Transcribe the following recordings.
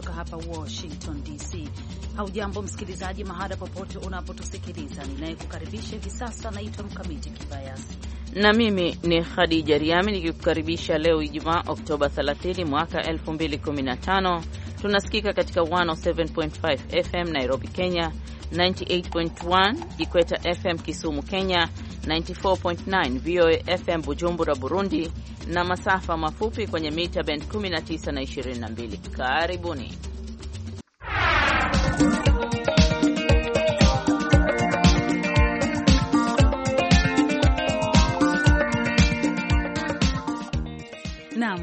kutoka hapa Washington DC. Haujambo msikilizaji, mahala popote unapotusikiliza. Ninayekukaribisha hivi sasa naitwa Mkamiti Kibayasi na mimi ni Khadija Riami nikikukaribisha leo Ijumaa Oktoba 30 mwaka 2015. Tunasikika katika 107.5 FM Nairobi, Kenya, 98.1 Ikweta FM Kisumu, Kenya 94.9 VOA FM Bujumbura, Burundi na masafa mafupi kwenye mita band 19 na 22. Karibuni.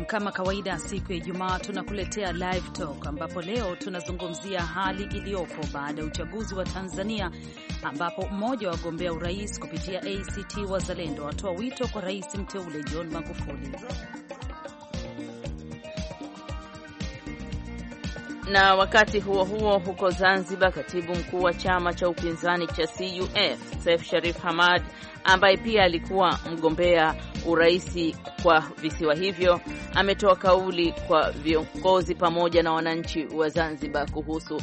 kama kawaida, siku ya Ijumaa tunakuletea live talk, ambapo leo tunazungumzia hali iliyopo baada ya uchaguzi wa Tanzania, ambapo mmoja wa wagombea urais kupitia ACT Wazalendo watoa wito kwa rais mteule John Magufuli. Na wakati huo huo, huko Zanzibar, katibu mkuu wa chama cha upinzani cha CUF Seif Sharif Hamad ambaye pia alikuwa mgombea uraisi kwa visiwa hivyo ametoa kauli kwa viongozi pamoja na wananchi wa Zanzibar kuhusu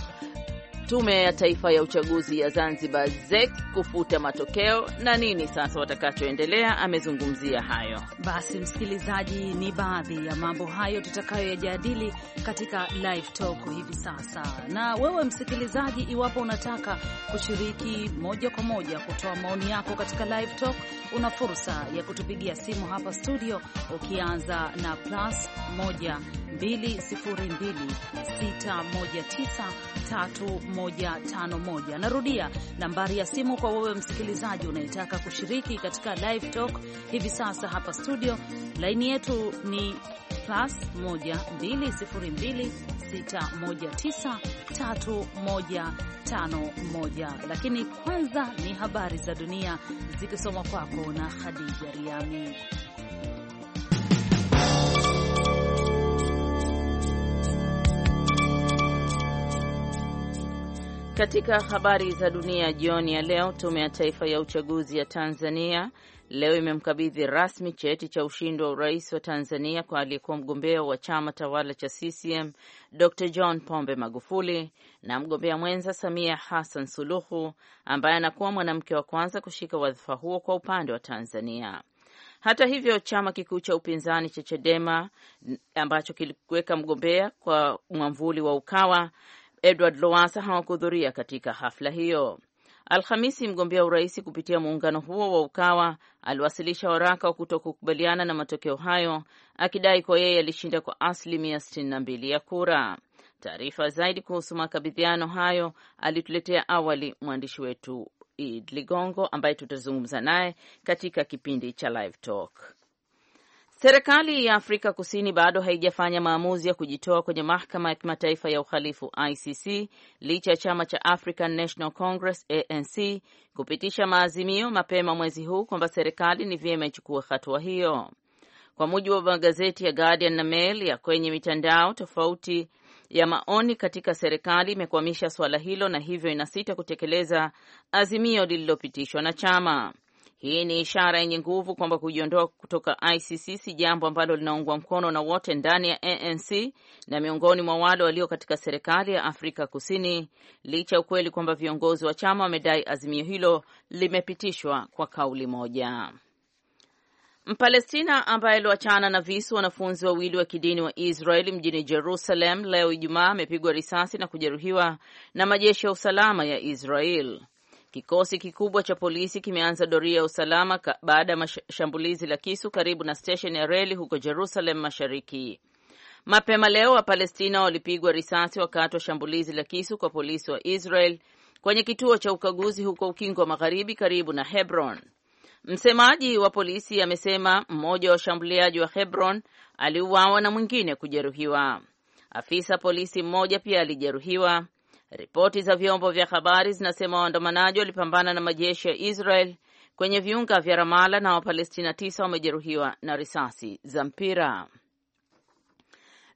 Tume ya Taifa ya Uchaguzi ya Zanzibar ZEC kufuta matokeo na nini sasa watakachoendelea, amezungumzia hayo. Basi msikilizaji, ni baadhi ya mambo hayo tutakayoyajadili katika live talk hivi sasa. Na wewe msikilizaji, iwapo unataka kushiriki moja kwa moja kutoa maoni yako katika live talk, una fursa ya kutupigia simu hapa studio ukianza na plus 1 202 619 3151. Narudia nambari ya simu kwa wewe msikilizaji unayetaka kushiriki katika live talk hivi sasa hapa studio. Laini yetu ni plus 12026193151. Lakini kwanza ni habari za dunia zikisomwa kwako na Khadija Riami. Katika habari za dunia jioni ya leo, tume ya taifa ya uchaguzi ya Tanzania leo imemkabidhi rasmi cheti cha ushindi wa urais wa Tanzania kwa aliyekuwa mgombea wa chama tawala cha CCM Dr John Pombe Magufuli na mgombea mwenza Samia Hassan Suluhu ambaye anakuwa mwanamke wa kwanza kushika wadhifa huo kwa upande wa Tanzania. Hata hivyo chama kikuu cha upinzani cha Chadema ambacho kiliweka mgombea kwa mwamvuli wa Ukawa Edward lowasa hawakuhudhuria katika hafla hiyo. Alhamisi, mgombea urais kupitia muungano huo wa Ukawa aliwasilisha waraka wa kutokukubaliana na matokeo hayo akidai kuwa yeye alishinda kwa asilimia 62 ya kura. Taarifa zaidi kuhusu makabidhiano hayo alituletea awali mwandishi wetu Id Ligongo ambaye tutazungumza naye katika kipindi cha Live Talk. Serikali ya Afrika Kusini bado haijafanya maamuzi ya kujitoa kwenye mahakama ya kimataifa ya uhalifu ICC licha ya chama cha African National Congress ANC kupitisha maazimio mapema mwezi huu kwamba serikali ni vyema ichukue hatua hiyo. Kwa mujibu wa magazeti ya Guardian na Mail ya kwenye mitandao tofauti ya maoni katika serikali imekwamisha suala hilo na hivyo inasita kutekeleza azimio lililopitishwa na chama. Hii ni ishara yenye nguvu kwamba kujiondoa kutoka ICC si jambo ambalo linaungwa mkono na wote ndani ya ANC na miongoni mwa wale walio katika serikali ya Afrika Kusini, licha ya ukweli kwamba viongozi wa chama wamedai azimio hilo limepitishwa kwa kauli moja. Mpalestina ambaye aliwachana na visu wanafunzi wawili wa kidini wa Israeli mjini Jerusalem leo Ijumaa amepigwa risasi na kujeruhiwa na majeshi ya usalama ya Israel. Kikosi kikubwa cha polisi kimeanza doria ya usalama baada ya shambulizi la kisu karibu na stesheni ya reli huko Jerusalem Mashariki. Mapema leo Wapalestina walipigwa risasi wakati wa shambulizi la kisu kwa polisi wa Israel kwenye kituo cha ukaguzi huko Ukingo wa Magharibi karibu na Hebron. Msemaji wa polisi amesema mmoja wa washambuliaji wa Hebron aliuawa na mwingine kujeruhiwa. Afisa polisi mmoja pia alijeruhiwa. Ripoti za vyombo vya habari zinasema waandamanaji walipambana na majeshi ya Israel kwenye viunga vya Ramala na Wapalestina tisa wamejeruhiwa na risasi za mpira.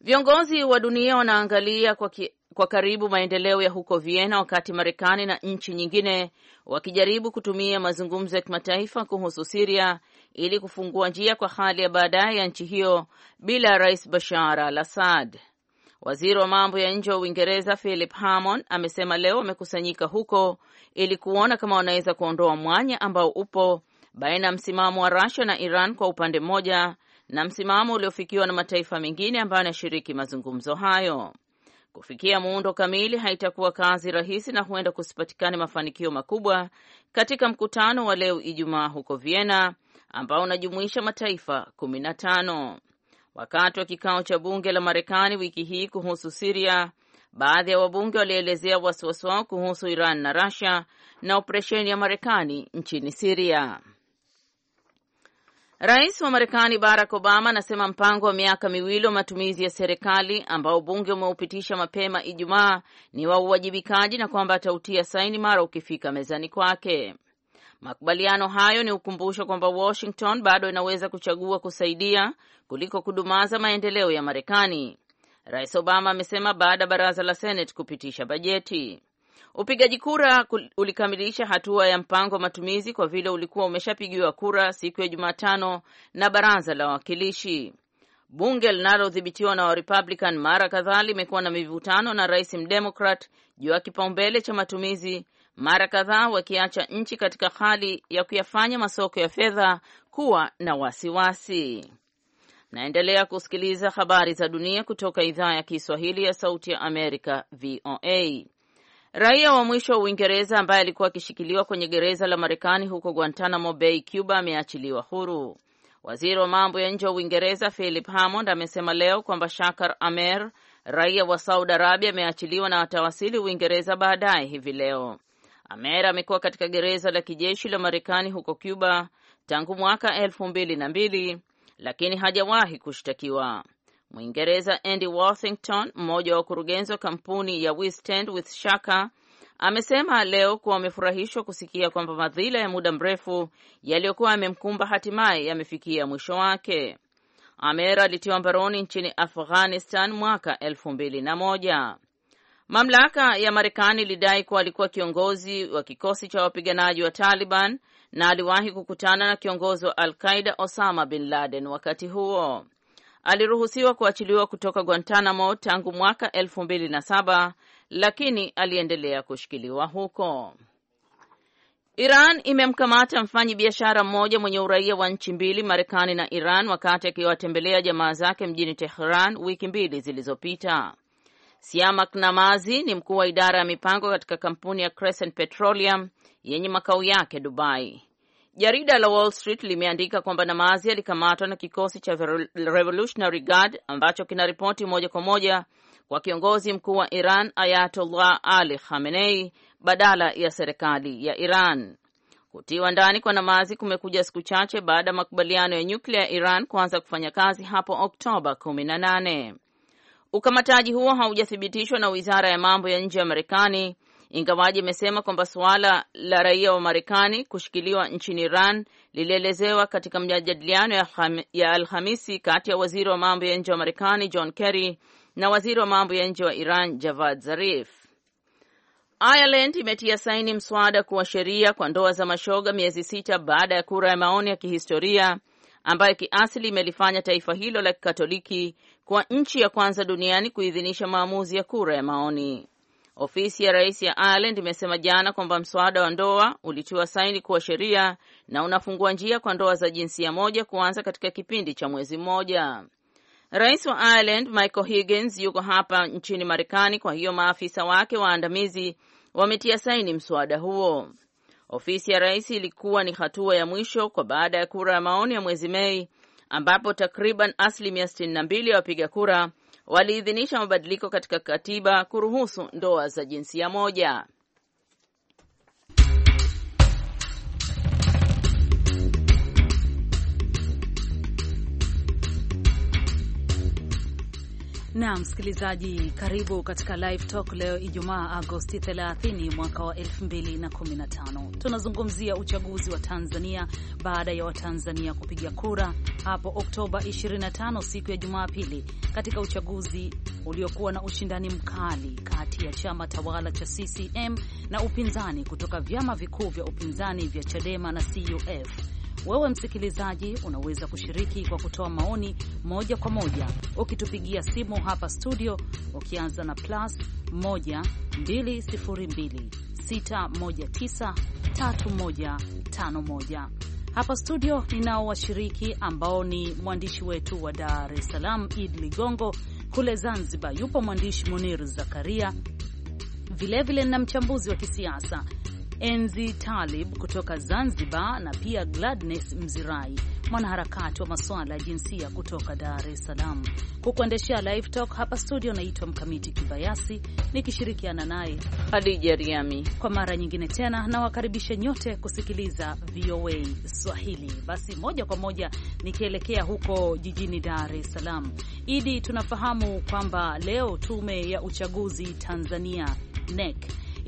Viongozi wa dunia wanaangalia kwa, ki, kwa karibu maendeleo ya huko Vienna wakati Marekani na nchi nyingine wakijaribu kutumia mazungumzo ya kimataifa kuhusu Siria ili kufungua njia kwa hali ya baadaye ya nchi hiyo bila Rais Bashar al-Assad. Waziri wa mambo ya nje wa Uingereza Philip Hammond amesema leo wamekusanyika huko ili kuona kama wanaweza kuondoa mwanya ambao upo baina ya msimamo wa Russia na Iran kwa upande mmoja na msimamo uliofikiwa na mataifa mengine ambayo yanashiriki mazungumzo hayo. Kufikia muundo kamili haitakuwa kazi rahisi na huenda kusipatikane mafanikio makubwa katika mkutano wa leo Ijumaa huko Vienna ambao unajumuisha mataifa kumi na tano. Wakati wa kikao cha bunge la Marekani wiki hii kuhusu Siria, baadhi ya wabunge walielezea wasiwasi wao kuhusu Iran na rasia na operesheni ya Marekani nchini Siria. Rais wa Marekani Barack Obama anasema mpango wa miaka miwili wa matumizi ya serikali ambao bunge umeupitisha mapema Ijumaa ni wa uwajibikaji na kwamba atautia saini mara ukifika mezani kwake. Makubaliano hayo ni ukumbusho kwamba Washington bado inaweza kuchagua kusaidia kuliko kudumaza maendeleo ya Marekani. Rais Obama amesema baada ya baraza la Senate kupitisha bajeti. Upigaji kura ulikamilisha hatua ya mpango wa matumizi kwa vile ulikuwa umeshapigiwa kura siku ya Jumatano na baraza la wawakilishi. Bunge linalodhibitiwa na Warepublican mara kadhaa limekuwa na mivutano na rais Mdemokrat juu ya kipaumbele cha matumizi mara kadhaa wakiacha nchi katika hali ya kuyafanya masoko ya fedha kuwa na wasiwasi. Naendelea kusikiliza habari za dunia kutoka idhaa ya Kiswahili ya Sauti ya Amerika, VOA. Raia wa mwisho wa Uingereza ambaye alikuwa akishikiliwa kwenye gereza la Marekani huko Guantanamo Bay, Cuba, ameachiliwa huru. Waziri wa mambo ya nje wa Uingereza Philip Hammond amesema leo kwamba Shakar Amer, raia wa Saudi Arabia, ameachiliwa na atawasili Uingereza baadaye hivi leo. Amer amekuwa katika gereza la kijeshi la Marekani huko Cuba tangu mwaka elfu mbili na mbili lakini hajawahi kushtakiwa. Mwingereza Andy Worthington, mmoja wa wakurugenzi wa kampuni ya We Stand With Shaka, amesema leo kuwa wamefurahishwa kusikia kwamba madhila ya muda mrefu yaliyokuwa yamemkumba hatimaye yamefikia mwisho wake. Amer alitiwa mbaroni nchini Afghanistan mwaka elfu mbili na moja. Mamlaka ya Marekani ilidai kuwa alikuwa kiongozi wa kikosi cha wapiganaji wa Taliban na aliwahi kukutana na kiongozi wa Al-Qaida Osama bin Laden. Wakati huo aliruhusiwa kuachiliwa kutoka Guantanamo tangu mwaka elfu mbili na saba lakini aliendelea kushikiliwa huko. Iran imemkamata mfanyi biashara mmoja mwenye uraia wa nchi mbili Marekani na Iran wakati akiwatembelea jamaa zake mjini Tehran wiki mbili zilizopita. Siamak Namazi ni mkuu wa idara ya mipango katika kampuni ya Crescent Petroleum yenye makao yake Dubai. Jarida la Wall Street limeandika kwamba Namazi alikamatwa na kikosi cha Revolutionary Guard ambacho kinaripoti moja kwa moja kwa kiongozi mkuu wa Iran Ayatollah Ali Khamenei badala ya serikali ya Iran. Kutiwa ndani kwa Namazi kumekuja siku chache baada ya makubaliano ya nyuklia ya Iran kuanza kufanya kazi hapo Oktoba 18. Ukamataji huo haujathibitishwa na wizara ya mambo ya nje ya Marekani, ingawaji imesema kwamba suala la raia wa Marekani kushikiliwa nchini Iran lilielezewa katika majadiliano ya Alhamisi kati ya waziri wa mambo ya nje wa Marekani John Kerry na waziri wa mambo ya nje wa Iran Javad Zarif. Ireland imetia saini mswada kuwa sheria kwa ndoa za mashoga miezi sita baada ya kura ya maoni ya kihistoria ambayo kiasili imelifanya taifa hilo la Kikatoliki kwa nchi ya kwanza duniani kuidhinisha maamuzi ya kura ya maoni. Ofisi ya rais ya Ireland imesema jana kwamba mswada wa ndoa ulitiwa saini kuwa sheria na unafungua njia kwa ndoa za jinsia moja kuanza katika kipindi cha mwezi mmoja. Rais wa Ireland Michael Higgins yuko hapa nchini Marekani, kwa hiyo maafisa wake waandamizi wametia saini mswada huo. Ofisi ya rais ilikuwa ni hatua ya mwisho kwa baada ya kura ya maoni ya mwezi Mei ambapo takriban asilimia 62 ya wapiga kura waliidhinisha mabadiliko katika katiba kuruhusu ndoa za jinsia moja. Na msikilizaji, karibu katika Live Talk leo Ijumaa Agosti 30 mwaka wa 2015. Tunazungumzia uchaguzi wa Tanzania baada ya Watanzania kupiga kura hapo Oktoba 25 siku ya Jumapili katika uchaguzi uliokuwa na ushindani mkali kati ya chama tawala cha CCM na upinzani kutoka vyama vikuu vya upinzani vya Chadema na CUF. Wewe msikilizaji, unaweza kushiriki kwa kutoa maoni moja kwa moja ukitupigia simu hapa studio, ukianza na plus 1 202 619 3151. Hapa studio ninao washiriki ambao ni mwandishi wetu wa Dar es Salaam id Ligongo, kule Zanzibar yupo mwandishi Munir Zakaria, vilevile na mchambuzi wa kisiasa Enzi Talib kutoka Zanzibar na pia Gladness Mzirai, mwanaharakati wa masuala ya jinsia kutoka Dar es Salaam, kukuendeshea live talk hapa studio. Naitwa Mkamiti Kibayasi nikishirikiana naye Hadija Riami. Kwa mara nyingine tena nawakaribisha nyote kusikiliza VOA Swahili. Basi moja kwa moja nikielekea huko jijini Dar es Salaam, Idi, tunafahamu kwamba leo tume ya uchaguzi Tanzania NEC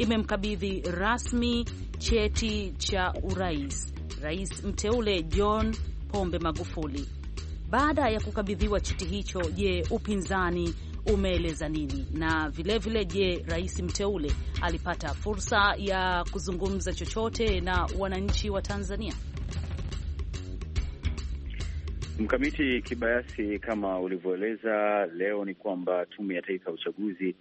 imemkabidhi rasmi cheti cha urais rais mteule John Pombe Magufuli. Baada ya kukabidhiwa cheti hicho, je, upinzani umeeleza nini? Na vilevile je, rais mteule alipata fursa ya kuzungumza chochote na wananchi wa Tanzania? Mkamiti Kibayasi, kama ulivyoeleza, leo ni kwamba Tume ya Taifa ya Uchaguzi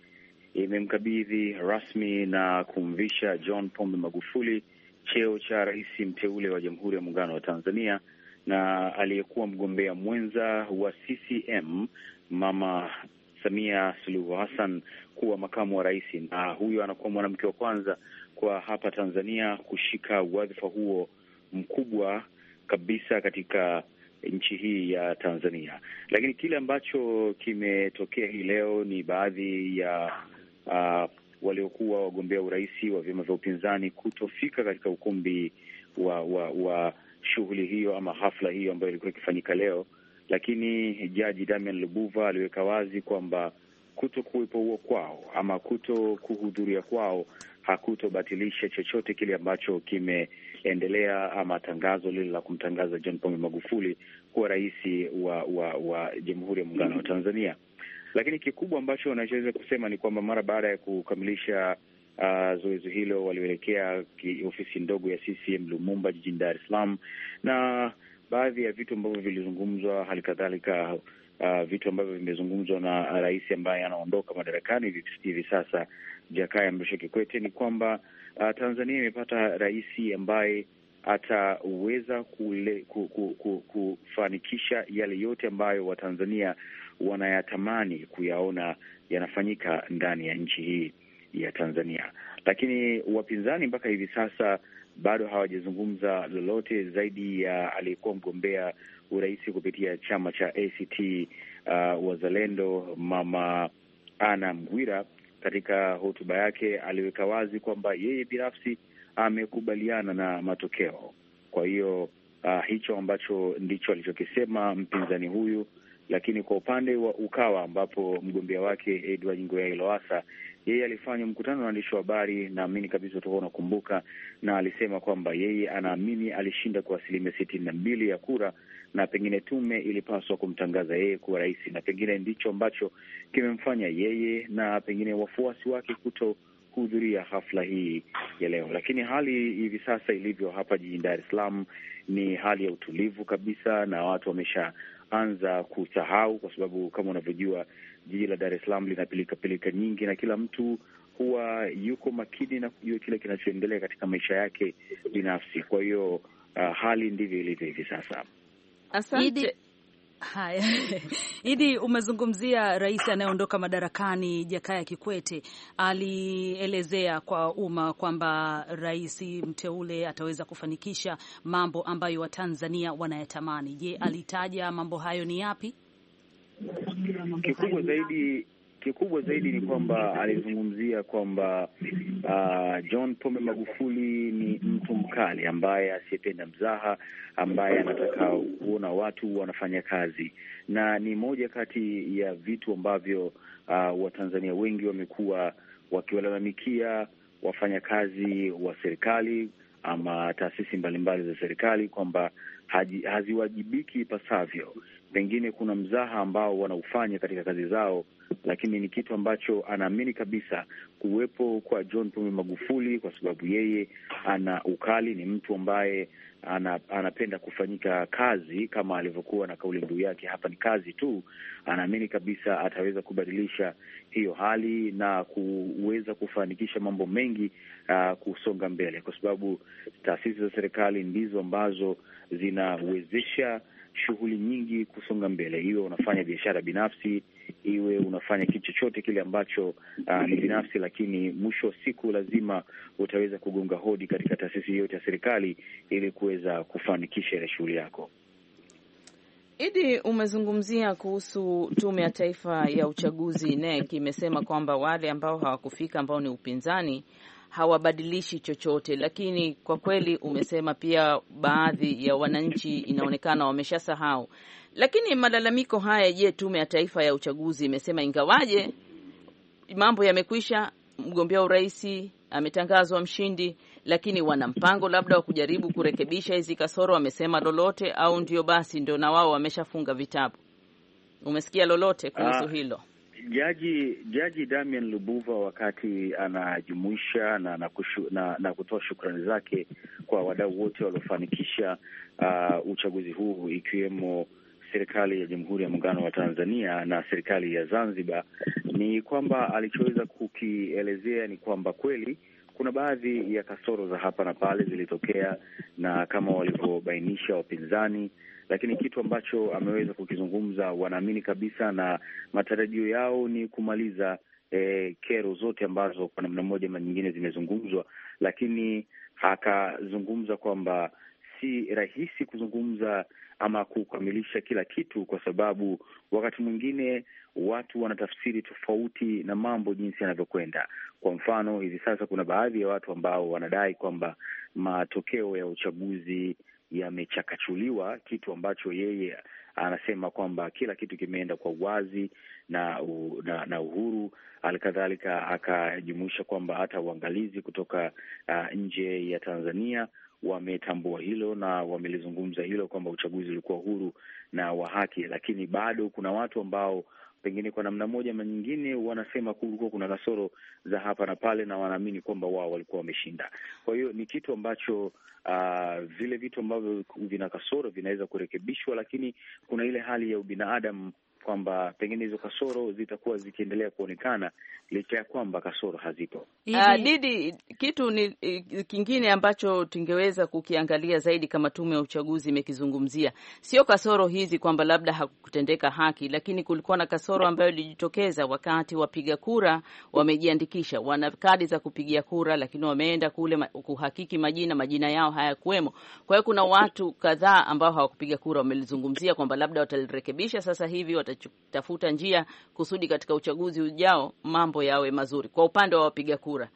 imemkabidhi rasmi na kumvisha John Pombe Magufuli cheo cha rais mteule wa Jamhuri ya Muungano wa Tanzania na aliyekuwa mgombea mwenza wa CCM Mama Samia Suluhu Hassan kuwa makamu wa rais, na huyo anakuwa mwanamke wa kwanza kwa hapa Tanzania kushika wadhifa huo mkubwa kabisa katika nchi hii ya Tanzania. Lakini kile ambacho kimetokea hii leo ni baadhi ya uh, waliokuwa wagombea urais wa vyama vya upinzani kutofika katika ukumbi wa wa, wa shughuli hiyo ama hafla hiyo ambayo ilikuwa ikifanyika leo, lakini jaji Damian Lubuva aliweka wazi kwamba kuto kuwepo huo kwao ama kuto kuhudhuria kwao hakutobatilisha chochote kile ambacho kimeendelea ama tangazo lile la kumtangaza John Pombe Magufuli kuwa rais wa, wa, wa Jamhuri ya Muungano wa Tanzania. Lakini kikubwa ambacho wanachoweza kusema ni kwamba mara baada ya kukamilisha uh, zoezi hilo walioelekea ofisi ndogo ya CCM Lumumba jijini Dar es Salaam, na baadhi ya vitu ambavyo vilizungumzwa, hali kadhalika uh, vitu ambavyo vimezungumzwa na rais ambaye anaondoka madarakani hivi sasa Jakaya Mrisho Kikwete ni kwamba uh, Tanzania imepata rais ambaye ataweza kule, ku, ku, ku, kufanikisha yale yote ambayo Watanzania wanayatamani kuyaona yanafanyika ndani ya nchi hii ya Tanzania, lakini wapinzani mpaka hivi sasa bado hawajazungumza lolote zaidi ya aliyekuwa mgombea urais kupitia chama cha ACT uh, Wazalendo, Mama Ana Mghwira katika hotuba yake aliweka wazi kwamba yeye binafsi amekubaliana na matokeo. Kwa hiyo uh, hicho ambacho ndicho alichokisema mpinzani huyu lakini kwa upande wa Ukawa ambapo mgombea wake Edward Ngoyai Lowassa yeye alifanya mkutano na waandishi wa habari, naamini kabisa utakuwa unakumbuka, na alisema kwamba yeye anaamini alishinda kwa asilimia sitini na mbili ya kura na pengine tume ilipaswa kumtangaza yeye kuwa rais, na pengine ndicho ambacho kimemfanya yeye na pengine wafuasi wake kuto hudhuria hafla hii ya leo. Lakini hali hivi sasa ilivyo hapa jijini Dar es Salaam ni hali ya utulivu kabisa, na watu wamesha anza kusahau, kwa sababu kama unavyojua jiji la Dar es Salaam lina pilika nyingi na kila mtu huwa yuko makini na kujua kile kinachoendelea katika maisha yake binafsi. Kwa hiyo uh, hali ndivyo ilivyo hivi sasa. Asante. Haya, Idi, umezungumzia rais anayeondoka madarakani Jakaya Kikwete. Alielezea kwa umma kwamba rais mteule ataweza kufanikisha mambo ambayo Watanzania wanayatamani. Je, alitaja mambo hayo ni yapi? Kikubwa zaidi kikubwa zaidi ni kwamba alizungumzia kwamba uh, John Pombe Magufuli ni mtu mkali ambaye asiyependa mzaha, ambaye anataka kuona watu wanafanya kazi, na ni moja kati ya vitu ambavyo uh, Watanzania wengi wamekuwa wakiwalalamikia wafanyakazi wa serikali ama taasisi mbalimbali za serikali kwamba haji, haziwajibiki ipasavyo. Pengine kuna mzaha ambao wanaufanya katika kazi zao, lakini ni kitu ambacho anaamini kabisa kuwepo kwa John Pombe Magufuli, kwa sababu yeye ana ukali, ni mtu ambaye ana, anapenda kufanyika kazi kama alivyokuwa na kauli mbiu yake, hapa ni kazi tu. Anaamini kabisa ataweza kubadilisha hiyo hali na kuweza kufanikisha mambo mengi, uh, kusonga mbele, kwa sababu taasisi za serikali ndizo ambazo zina inawezesha shughuli nyingi kusonga mbele, iwe unafanya biashara binafsi, iwe unafanya kitu chochote kile ambacho uh, ni binafsi, lakini mwisho wa siku lazima utaweza kugonga hodi katika taasisi yoyote ya serikali ili kuweza kufanikisha ile shughuli yako. Idi, umezungumzia kuhusu Tume ya Taifa ya Uchaguzi NEC imesema kwamba wale ambao hawakufika ambao ni upinzani hawabadilishi chochote, lakini kwa kweli umesema pia baadhi ya wananchi inaonekana wameshasahau. Lakini malalamiko haya, je, Tume ya Taifa ya Uchaguzi imesema ingawaje mambo yamekwisha, mgombea urais ametangazwa mshindi, lakini wana mpango labda wa kujaribu kurekebisha hizi kasoro? Wamesema lolote au ndio basi ndio na wao wameshafunga vitabu? Umesikia lolote kuhusu ah. hilo? Jaji Jaji Damian Lubuva wakati anajumuisha na na, na, na kutoa shukrani zake kwa wadau wote waliofanikisha uh, uchaguzi huu ikiwemo serikali ya Jamhuri ya Muungano wa Tanzania na serikali ya Zanzibar, ni kwamba alichoweza kukielezea ni kwamba kweli kuna baadhi ya kasoro za hapa na pale zilitokea, na kama walivyobainisha wapinzani lakini kitu ambacho ameweza kukizungumza, wanaamini kabisa na matarajio yao ni kumaliza eh, kero zote ambazo kwa namna moja ama nyingine zimezungumzwa, lakini akazungumza kwamba si rahisi kuzungumza ama kukamilisha kila kitu, kwa sababu wakati mwingine watu wanatafsiri tofauti na mambo jinsi yanavyokwenda. Kwa mfano, hivi sasa kuna baadhi ya watu ambao wanadai kwamba matokeo ya uchaguzi yamechakachuliwa, kitu ambacho yeye anasema kwamba kila kitu kimeenda kwa uwazi na, na, na uhuru. Halikadhalika akajumuisha kwamba hata uangalizi kutoka uh, nje ya Tanzania wametambua hilo na wamelizungumza hilo kwamba uchaguzi ulikuwa huru na wa haki, lakini bado kuna watu ambao pengine kwa namna moja ama nyingine, wanasema kulikuwa kuna kasoro za hapa na pale, na wanaamini kwamba wao walikuwa wameshinda. Kwa hiyo ni kitu ambacho uh, vile vitu ambavyo vina kasoro vinaweza kurekebishwa, lakini kuna ile hali ya ubinadamu kwamba pengine hizo kasoro zitakuwa zikiendelea kuonekana licha ya kwamba kasoro hazipo. Uh, Didi, kitu ni kingine ambacho tungeweza kukiangalia zaidi kama tume ya uchaguzi imekizungumzia, sio kasoro hizi kwamba labda hakutendeka haki, lakini kulikuwa na kasoro ambayo ilijitokeza wakati wapiga kura wamejiandikisha, wana kadi za kupigia kura, lakini wameenda kule kuhakiki majina, majina yao hayakuwemo. Kwa hiyo kuna watu kadhaa ambao hawakupiga kura, wamelizungumzia kwamba labda watalirekebisha sasa hivi wata tafuta njia kusudi katika uchaguzi ujao mambo yawe mazuri kwa upande wa wapiga kura.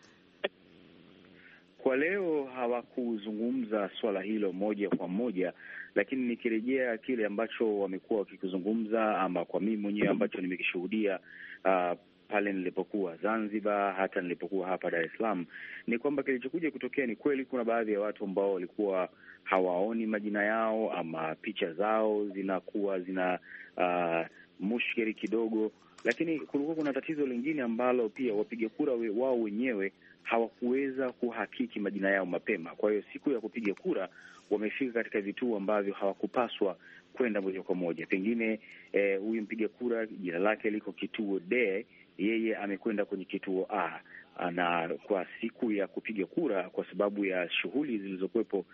Kwa leo hawakuzungumza swala hilo moja kwa moja, lakini nikirejea kile ambacho wamekuwa wakikizungumza, ama kwa mimi mwenyewe ambacho nimekishuhudia uh, pale nilipokuwa Zanzibar, hata nilipokuwa hapa Dar es Salaam, ni kwamba kilichokuja kutokea ni kweli, kuna baadhi ya watu ambao walikuwa hawaoni majina yao ama picha zao zinakuwa zina uh, mushkeli kidogo, lakini kulikuwa kuna tatizo lingine ambalo pia wapiga kura we, wao wenyewe hawakuweza kuhakiki majina yao mapema. Kwa hiyo siku ya kupiga kura wamefika katika vituo ambavyo hawakupaswa kwenda moja kwa moja. Pengine eh, huyu eh, mpiga kura jina lake liko kituo D, yeye amekwenda kwenye kituo A. Ah, na kwa siku ya kupiga kura, kwa sababu ya shughuli zilizokuwepo uh,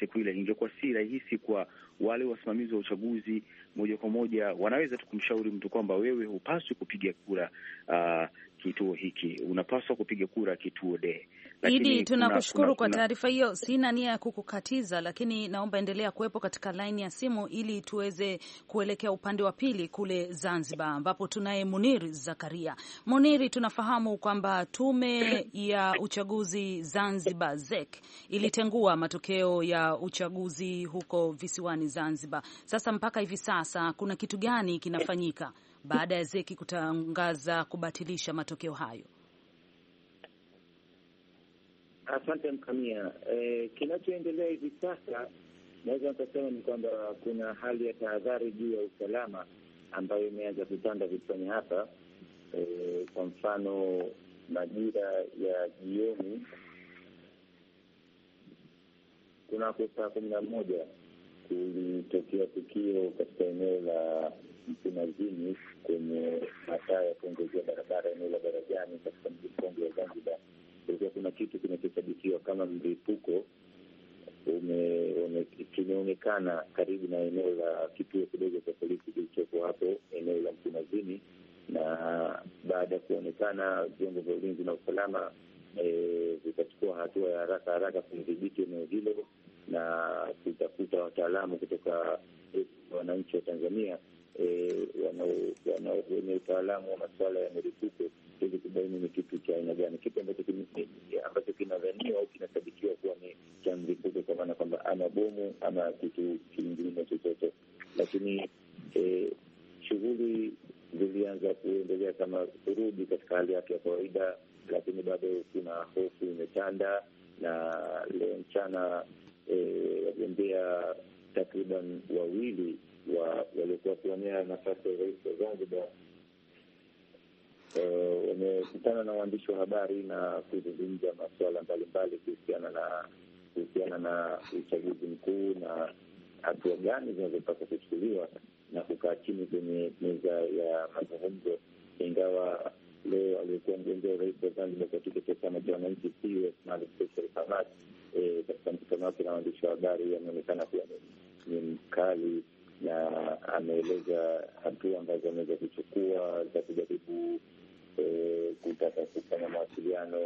siku ile, ingekuwa si rahisi kwa wale wasimamizi wa uchaguzi moja kwa moja. Wanaweza tu kumshauri mtu kwamba wewe hupaswi kupiga kura uh, kituo hiki, unapaswa kupiga kura kituo de. Idi, tunakushukuru kwa taarifa hiyo. Sina nia ya kukukatiza, lakini naomba endelea kuwepo katika laini ya simu ili tuweze kuelekea upande wa pili kule Zanzibar, ambapo tunaye Muniri Zakaria. Muniri, tunafahamu kwamba tume Tume ya uchaguzi Zanzibar ZEC ilitengua matokeo ya uchaguzi huko visiwani Zanzibar. Sasa mpaka hivi sasa kuna kitu gani kinafanyika baada ya ZEC kutangaza kubatilisha matokeo hayo? Asante Mkamia. E, kinachoendelea hivi sasa naweza nikasema ni kwamba kuna hali ya tahadhari juu ya usalama ambayo imeanza kutanda visiwani hapa. E, kwa mfano majira ya jioni kunako saa kumi na moja kulitokea tukio katika eneo la Mkunazini kwenye mataa ya kuongezea barabara eneo la Darajani katika mji mkongwe wa Zanzibar. Kulikuwa kuna kitu kinachosadikiwa kama mlipuko kimeonekana karibu na eneo la kituo kidogo cha polisi kilichoko hapo eneo la Mkunazini na baada ya kuonekana vyombo vya ulinzi na usalama vikachukua e, hatua ya haraka haraka kumdhibiti eneo hilo na kutafuta wataalamu kutoka wananchi wa Tanzania e, wenye utaalamu wa masuala ya milipuko ili kubaini ni kitu cha aina gani, kitu ambacho kinadhaniwa au kinasadikiwa kuwa ni cha mlipuko, kwa maana kwamba ama bomu ama kitu kingine chochote, lakini e, shughuli vilianza kuendelea kama kurudi katika hali yake ya kawaida, lakini bado kuna hofu imetanda, na leo mchana e, wagombea takriban wawili wa waliokuwa kuonea nafasi ya urais wa Zanzibar e, wamekutana na waandishi wa habari na kuzungumza masuala mbalimbali kuhusiana na kuhusiana na uchaguzi mkuu na hatua gani zinazopaswa kuchukuliwa na kukaa chini kwenye meza ya mazungumzo, ingawa leo aliyekuwa mgombea urais wa Zanzibar katika chama cha wananchi CUF eh, katika mkutano wake na waandishi wa habari ameonekana kuwa ni mkali na ameeleza hatua ambazo ameweza kuchukua za kujaribu eh, kutaka kufanya mawasiliano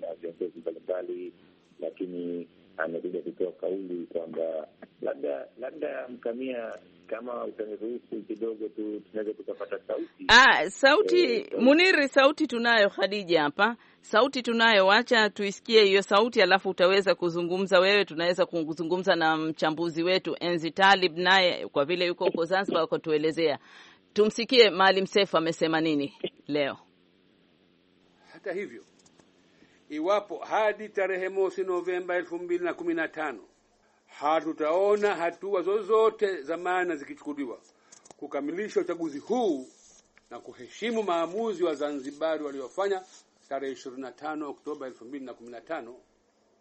na viongozi mbalimbali, lakini amekuja kutoa kauli kwamba labda labda Mkamia, kama utaniruhusu kidogo tu, tunaweza tukapata sauti ah, sauti e, Muniri, sauti tunayo Khadija hapa, sauti tunayo. Wacha tuisikie hiyo sauti, alafu utaweza kuzungumza wewe, tunaweza kuzungumza na mchambuzi wetu Enzi Talib, naye kwa vile yuko huko Zanzibar akatuelezea. Tumsikie Maalim Sefu amesema nini leo. Hata hivyo Iwapo hadi tarehe mosi Novemba elfu mbili na kumi na tano hatutaona hatua zozote za maana zikichukuliwa kukamilisha uchaguzi huu na kuheshimu maamuzi wa Zanzibari waliofanya tarehe 25 Oktoba 2015,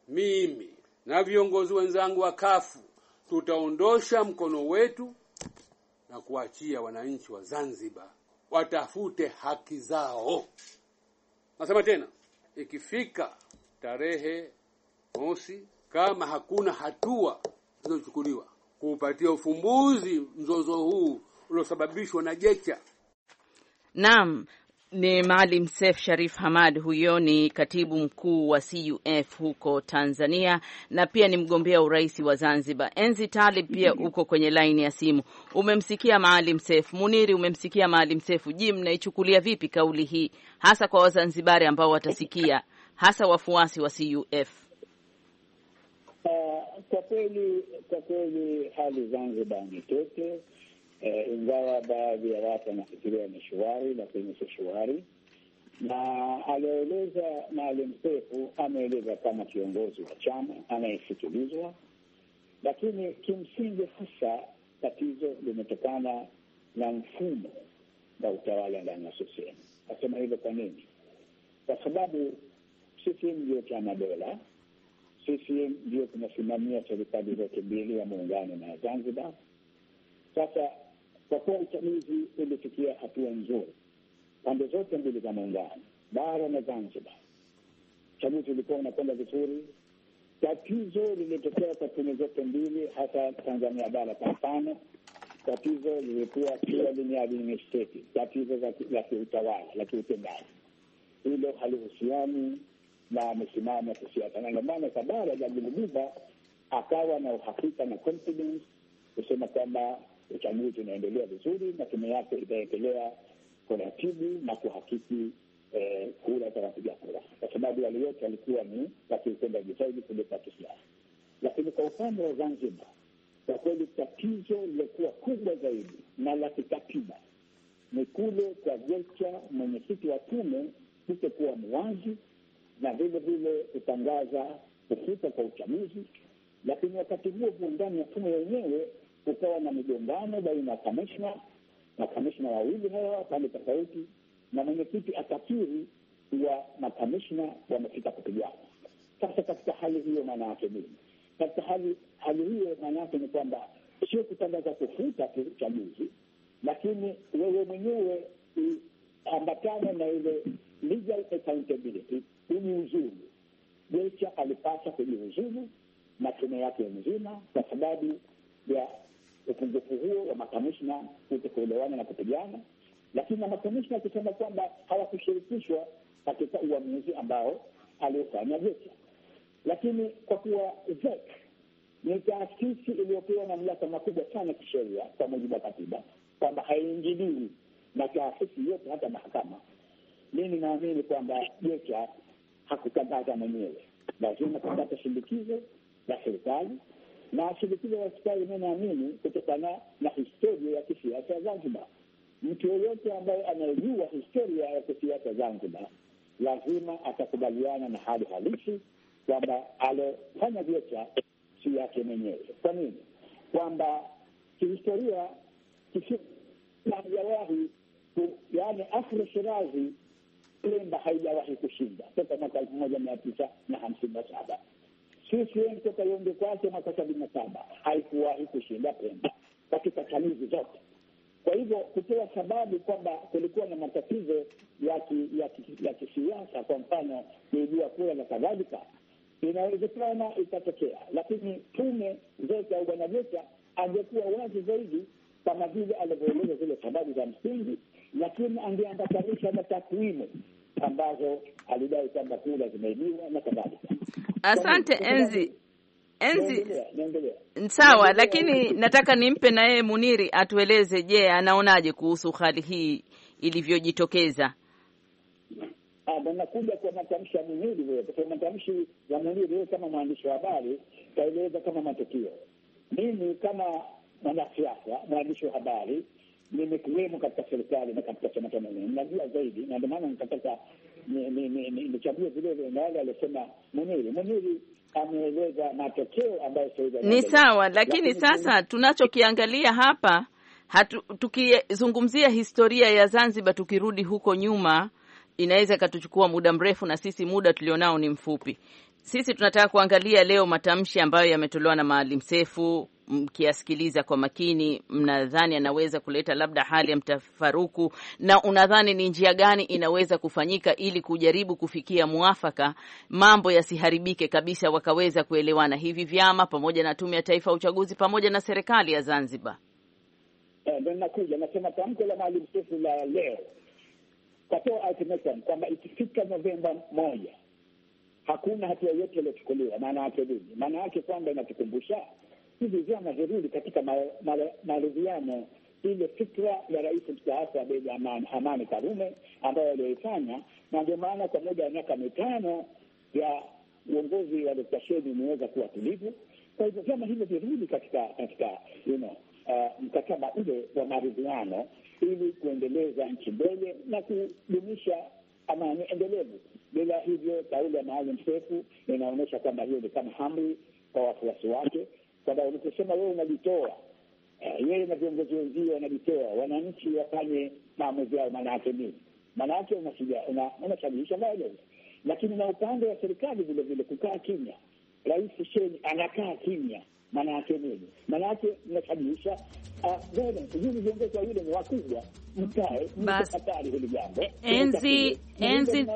mimi na viongozi wenzangu wa kafu tutaondosha mkono wetu na kuachia wananchi wa Zanzibar watafute haki zao. Nasema tena ikifika tarehe mosi, kama hakuna hatua zilizochukuliwa kuupatia ufumbuzi mzozo huu uliosababishwa na Jecha. Naam, ni Maalim sef Sharif Hamad, huyo ni katibu mkuu wa CUF huko Tanzania na pia ni mgombea urais wa Zanzibar. Enzi Talib pia mm-hmm. uko kwenye laini ya simu. Umemsikia Maalim sef Muniri, umemsikia Maalim Sef. Je, mnaichukulia vipi kauli hii hasa kwa Wazanzibari ambao watasikia hasa wafuasi wa CUF? Uh, ah, kwa kweli kwa kweli hali Zanzibar ni tete Eh, ingawa baadhi ya watu wanafikiria ni lakini si shuari. Na alioeleza Maalim Seif ameeleza kama kiongozi wa chama anayesikilizwa, lakini kimsingi hasa tatizo limetokana na mfumo wa utawala ndani ya CCM. Nasema hivyo kwa nini? Kwa sababu CCM ndiyo chama dola. CCM ndio tunasimamia serikali zote mbili ya muungano na Zanzibar. Sasa kwa kuwa uchaguzi ulifikia hatua nzuri pande zote mbili za muungano, bara na Zanzibar. Uchaguzi ulikuwa unakwenda vizuri. Tatizo lilitokea kwa tume zote mbili, hasa Tanzania bara kwa mfano, tatizo lilikuwa kuwa lenye tatizo la kiutawala la kiutendaji. Hilo halihusiani na misimamo ya kisiasa, na ndio maana Kabara Jaji akawa na uhakika na confidence kusema kwamba uchaguzi unaendelea vizuri na tume yake itaendelea kuratibu na kuhakiki eh, kura za wapiga kura, kwa sababu yale yote alikuwa ni wakiutendaji zaidi kuliko kisiasa. Lakini kwa upande wa Zanzibar, kwa kweli tatizo lilokuwa kubwa zaidi na la kikatiba ni kule kwa Jecha, mwenyekiti wa tume kutokuwa mwazi na vile vile kutangaza kufuta kwa uchaguzi, lakini wakati huo ndani ya tume yenyewe kukawa na migongano baina ya kamishna makamishna wawili hawa pande tofauti, na mwenyekiti akakiri kuwa makamishna wamefika kupigana. Sasa katika hali hiyo maana yake nini? Katika hali hali hiyo maana yake ni kwamba sio kutangaza kufuta uchaguzi, lakini wewe mwenyewe ambatane na ile legal accountability, ujiuzulu. Jecha alipaswa kujiuzulu na tume yake nzima, kwa sababu ya upungufu huo wa makamishna kuto kuelewana na kupigana, lakini na makamishna akisema kwamba hawakushirikishwa katika uamuzi ambao aliofanya VETA. Lakini kwa kuwa VEC ni taasisi iliyopewa mamlaka makubwa sana kisheria kwa mujibu wa katiba, kwamba haiingiliwi na taasisi yote, hata mahakama, mimi naamini kwamba VETA hakutangaza mwenyewe, lazima kupata shindikizo la serikali na shinikizo la serikali naamini kutokana na historia ya kisiasa ya Zanzibar. Mtu yoyote ambaye anayejua historia ya kisiasa Zanzibar lazima atakubaliana na hali halisi kwamba alofanya VETA si yake mwenyewe. Kwa nini? Kwamba kihistoria haijawahi yaani, Afro Shirazi Pemba haijawahi kushinda toka mwaka elfu moja mia tisa na hamsini na saba. CCM toka iundwe kwake mwaka sabini na saba haikuwahi kushinda Pemba katika chaguzi zote. Kwa hivyo kutoa sababu kwamba kulikuwa na matatizo ya kisiasa, kwa mfano kuibua kura na kadhalika, inawezekana ikatokea, lakini tume zote au bwana Leta angekuwa wazi zaidi kama vile alivyoeleza zile sababu za msingi, lakini angeambatanisha na takwimu ambazo alidai kwamba kura zimeibiwa na kadhalika. Asante enzi enzi, sawa, lakini nataka nimpe na yeye Muniri atueleze, je, anaonaje kuhusu hali hii ilivyojitokeza? Ah, nakuja kwa matamshi ya Muniri wewe, kwa matamshi ya Muniri wewe, kama mwandishi wa habari taeleza kama matukio. Mimi kama mwanasiasa, mwandishi wa habari, nimekuwemo katika serikali na katika chama cha Muniri, najua zaidi, na ndio maana nikataka nichague vile yale aliyosema mwenyewe mwenyewe ameeleza matokeo ambayo ni sawa, lakini sasa tunachokiangalia hapa hatu, tukizungumzia historia ya Zanzibar tukirudi huko nyuma inaweza ikatuchukua muda mrefu, na sisi muda tulionao ni mfupi. Sisi tunataka kuangalia leo matamshi ambayo yametolewa na Maalim Sefu mkiasikiliza kwa makini, mnadhani anaweza kuleta labda hali ya mtafaruku, na unadhani ni njia gani inaweza kufanyika ili kujaribu kufikia mwafaka, mambo yasiharibike kabisa, wakaweza kuelewana hivi vyama pamoja na Tume ya Taifa ya Uchaguzi pamoja na serikali ya Zanzibar? Eh, nakuja nasema tamko la Maalim Seif la leo katoa ultimatum kwamba ikifika Novemba moja hakuna hatua yote iliyochukuliwa. Maana yake nini? Maana yake kwamba inatukumbusha hivi vyama virudi katika maridhiano ile fikra ya rais mstaafu Abeid Amani Karume ambayo aliyoifanya, na ndio maana kwa muda wa miaka mitano ya uongozi wa Dokta Sheni umeweza kuwa tulivu. Kwa hivyo vyama hivyo virudi katika katika you know, uh, mkataba ule wa maridhiano ili kuendeleza nchi mbele na kudumisha amani endelevu. Bila hivyo, kauli ya Maalim Seif inaonyesha kwamba hiyo ni kama amri kwa wafuasi wake kwamba unaposema wewe unajitoa yeye eh, na viongozi wenzio wanajitoa, wananchi wafanye maamuzi yao, maana yake nini? Maana yake unashabihisha violence. Lakini na upande wa serikali vile vile kukaa kimya, Rais Shein anakaa kimya maana yake nini? Maana yake mnashabihisha ah, e, enzi,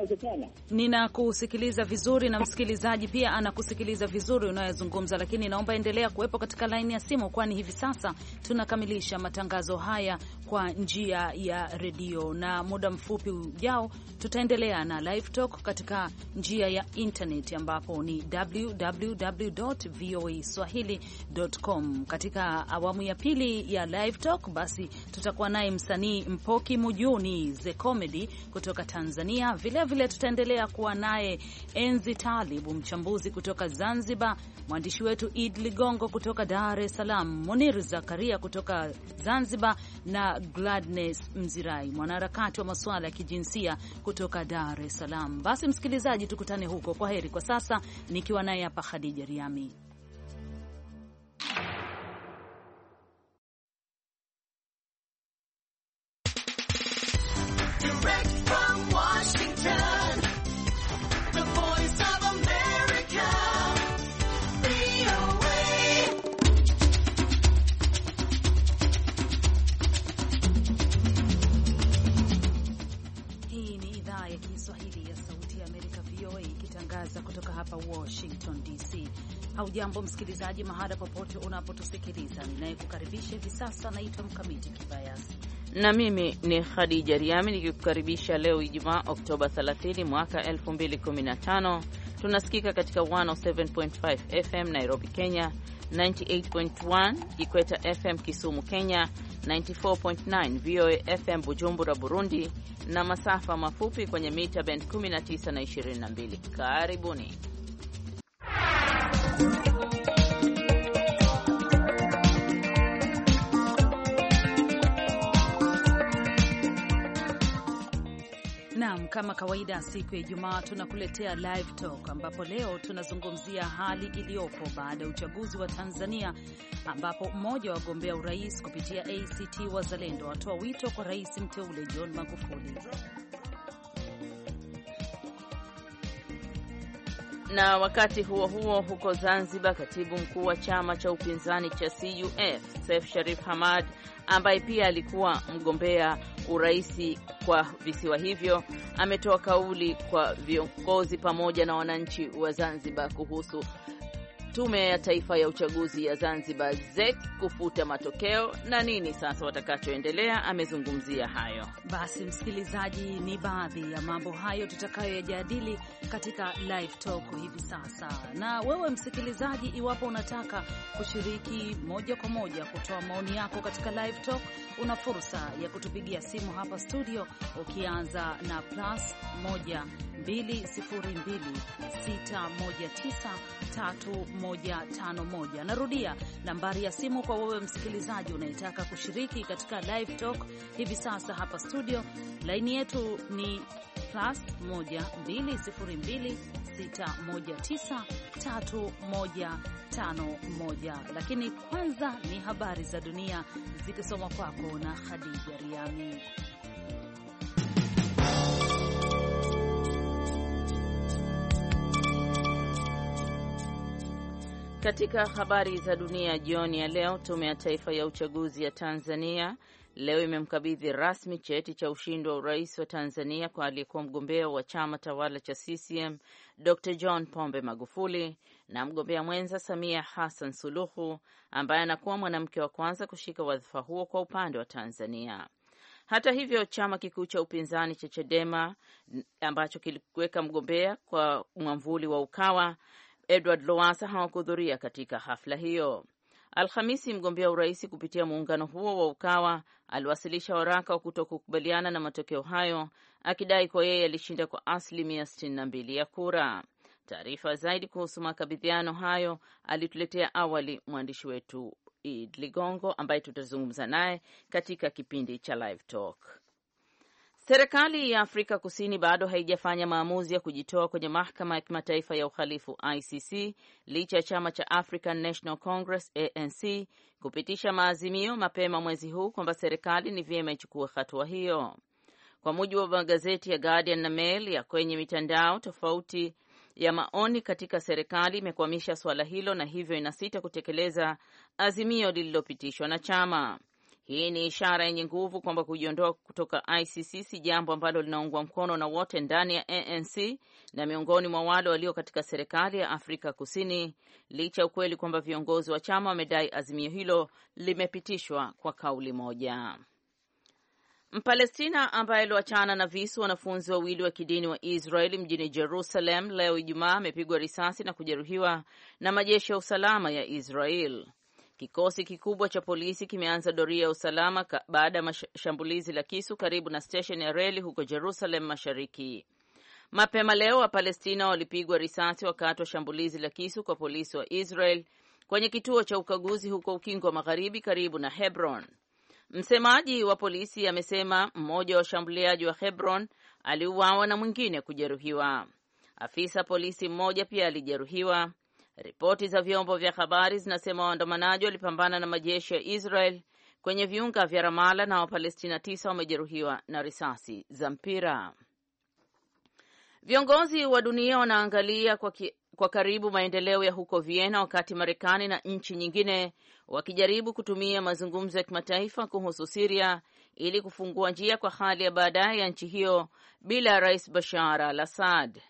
ninakusikiliza vizuri na msikilizaji pia anakusikiliza vizuri unayozungumza, lakini naomba endelea kuwepo katika laini ya simu, kwani hivi sasa tunakamilisha matangazo haya kwa njia ya redio, na muda mfupi ujao tutaendelea na live talk katika njia ya internet, ambapo ni www voa swahilicom Katika awamu ya pili ya live talk, basi tutakuwa naye msanii Mpoki Mujuni The Comedy kutoka Tanzania. Vilevile vile tutaendelea kuwa naye Enzi Talibu, mchambuzi kutoka Zanzibar, mwandishi wetu Id Ligongo kutoka Dar es Salaam, Munir Zakaria kutoka Zanzibar na Gladness Mzirai, mwanaharakati wa masuala ya kijinsia kutoka Dar es Salaam. Basi msikilizaji, tukutane huko. Kwa heri kwa sasa, nikiwa naye hapa Khadija Riami. Haujambo msikilizaji, mahala popote unapotusikiliza, ninayekukaribisha hivi sasa naitwa Mkamiti Kibayasi na mimi ni Khadija Riami nikikukaribisha leo Ijumaa Oktoba 30 mwaka 2015. Tunasikika katika 107.5 FM Nairobi, Kenya, 98.1 Ikweta FM Kisumu, Kenya, 94.9 VOA FM Bujumbura, Burundi, na masafa mafupi kwenye mita bend 19 na 22. Karibuni kama kawaida, siku ya Ijumaa tunakuletea live talk, ambapo leo tunazungumzia hali iliyopo baada ya uchaguzi wa Tanzania, ambapo mmoja wa wagombea urais kupitia ACT Wazalendo watoa wito kwa rais mteule John Magufuli. Na wakati huo huo, huko Zanzibar, katibu mkuu wa chama cha upinzani cha CUF sef Sharif Hamad ambaye pia alikuwa mgombea uraisi kwa visiwa hivyo ametoa kauli kwa viongozi pamoja na wananchi wa Zanzibar kuhusu Tume ya Taifa ya Uchaguzi ya Zanzibar ZEC kufuta matokeo na nini sasa watakachoendelea, amezungumzia hayo. Basi msikilizaji, ni baadhi ya mambo hayo tutakayoyajadili katika live talk hivi sasa. Na wewe msikilizaji, iwapo unataka kushiriki moja kwa moja kutoa maoni yako katika live talk, una fursa ya kutupigia simu hapa studio ukianza na plus 1 2026193151. Narudia nambari ya simu kwa wewe msikilizaji unayetaka kushiriki katika live talk hivi sasa hapa studio. Laini yetu ni plus 12026193151. Lakini kwanza ni habari za dunia zikisoma kwako na Khadija Riami. Katika habari za dunia jioni ya leo, tume ya taifa ya uchaguzi ya Tanzania leo imemkabidhi rasmi cheti cha ushindi wa urais wa Tanzania kwa aliyekuwa mgombea wa chama tawala cha CCM Dr. John Pombe Magufuli na mgombea mwenza Samia Hassan Suluhu ambaye anakuwa mwanamke wa kwanza kushika wadhifa huo kwa upande wa Tanzania. Hata hivyo, chama kikuu cha upinzani cha Chadema ambacho kiliweka mgombea kwa mwamvuli wa Ukawa Edward Lowasa hawakuhudhuria katika hafla hiyo. Alhamisi, mgombea urais kupitia muungano huo wa Ukawa aliwasilisha waraka wa kutokukubaliana na matokeo hayo akidai kuwa yeye alishinda kwa asilimia 62 ya kura. Taarifa zaidi kuhusu makabidhiano hayo alituletea awali mwandishi wetu Id Ligongo ambaye tutazungumza naye katika kipindi cha Live Talk. Serikali ya Afrika Kusini bado haijafanya maamuzi ya kujitoa kwenye mahakama ya kimataifa ya uhalifu ICC licha ya chama cha African National Congress ANC kupitisha maazimio mapema mwezi huu kwamba serikali ni vyema ichukue hatua hiyo. Kwa mujibu wa magazeti ya Guardian na Mail ya kwenye mitandao tofauti ya maoni katika serikali imekwamisha suala hilo na hivyo inasita kutekeleza azimio lililopitishwa na chama. Hii ni ishara yenye nguvu kwamba kujiondoa kutoka ICC si jambo ambalo linaungwa mkono na wote ndani ya ANC na miongoni mwa wale walio katika serikali ya Afrika Kusini, licha ya ukweli kwamba viongozi wa chama wamedai azimio hilo limepitishwa kwa kauli moja. Mpalestina ambaye aliwachana na visu wanafunzi wawili wa kidini wa israel mjini Jerusalem leo Ijumaa amepigwa risasi na kujeruhiwa na majeshi ya usalama ya Israel. Kikosi kikubwa cha polisi kimeanza doria ya usalama baada ya shambulizi la kisu karibu na stesheni ya reli huko Jerusalem Mashariki. Mapema leo Wapalestina walipigwa risasi wakati wa shambulizi la kisu kwa polisi wa Israel kwenye kituo cha ukaguzi huko Ukingo wa Magharibi karibu na Hebron. Msemaji wa polisi amesema mmoja wa washambuliaji wa Hebron aliuawa na mwingine kujeruhiwa. Afisa polisi mmoja pia alijeruhiwa. Ripoti za vyombo vya habari zinasema waandamanaji walipambana na majeshi ya Israel kwenye viunga vya Ramala na Wapalestina tisa wamejeruhiwa na risasi za mpira. Viongozi wa dunia wanaangalia kwa, ki, kwa karibu maendeleo ya huko Vienna wakati Marekani na nchi nyingine wakijaribu kutumia mazungumzo ya kimataifa kuhusu Siria ili kufungua njia kwa hali ya baadaye ya nchi hiyo bila Rais Bashar al-Assad.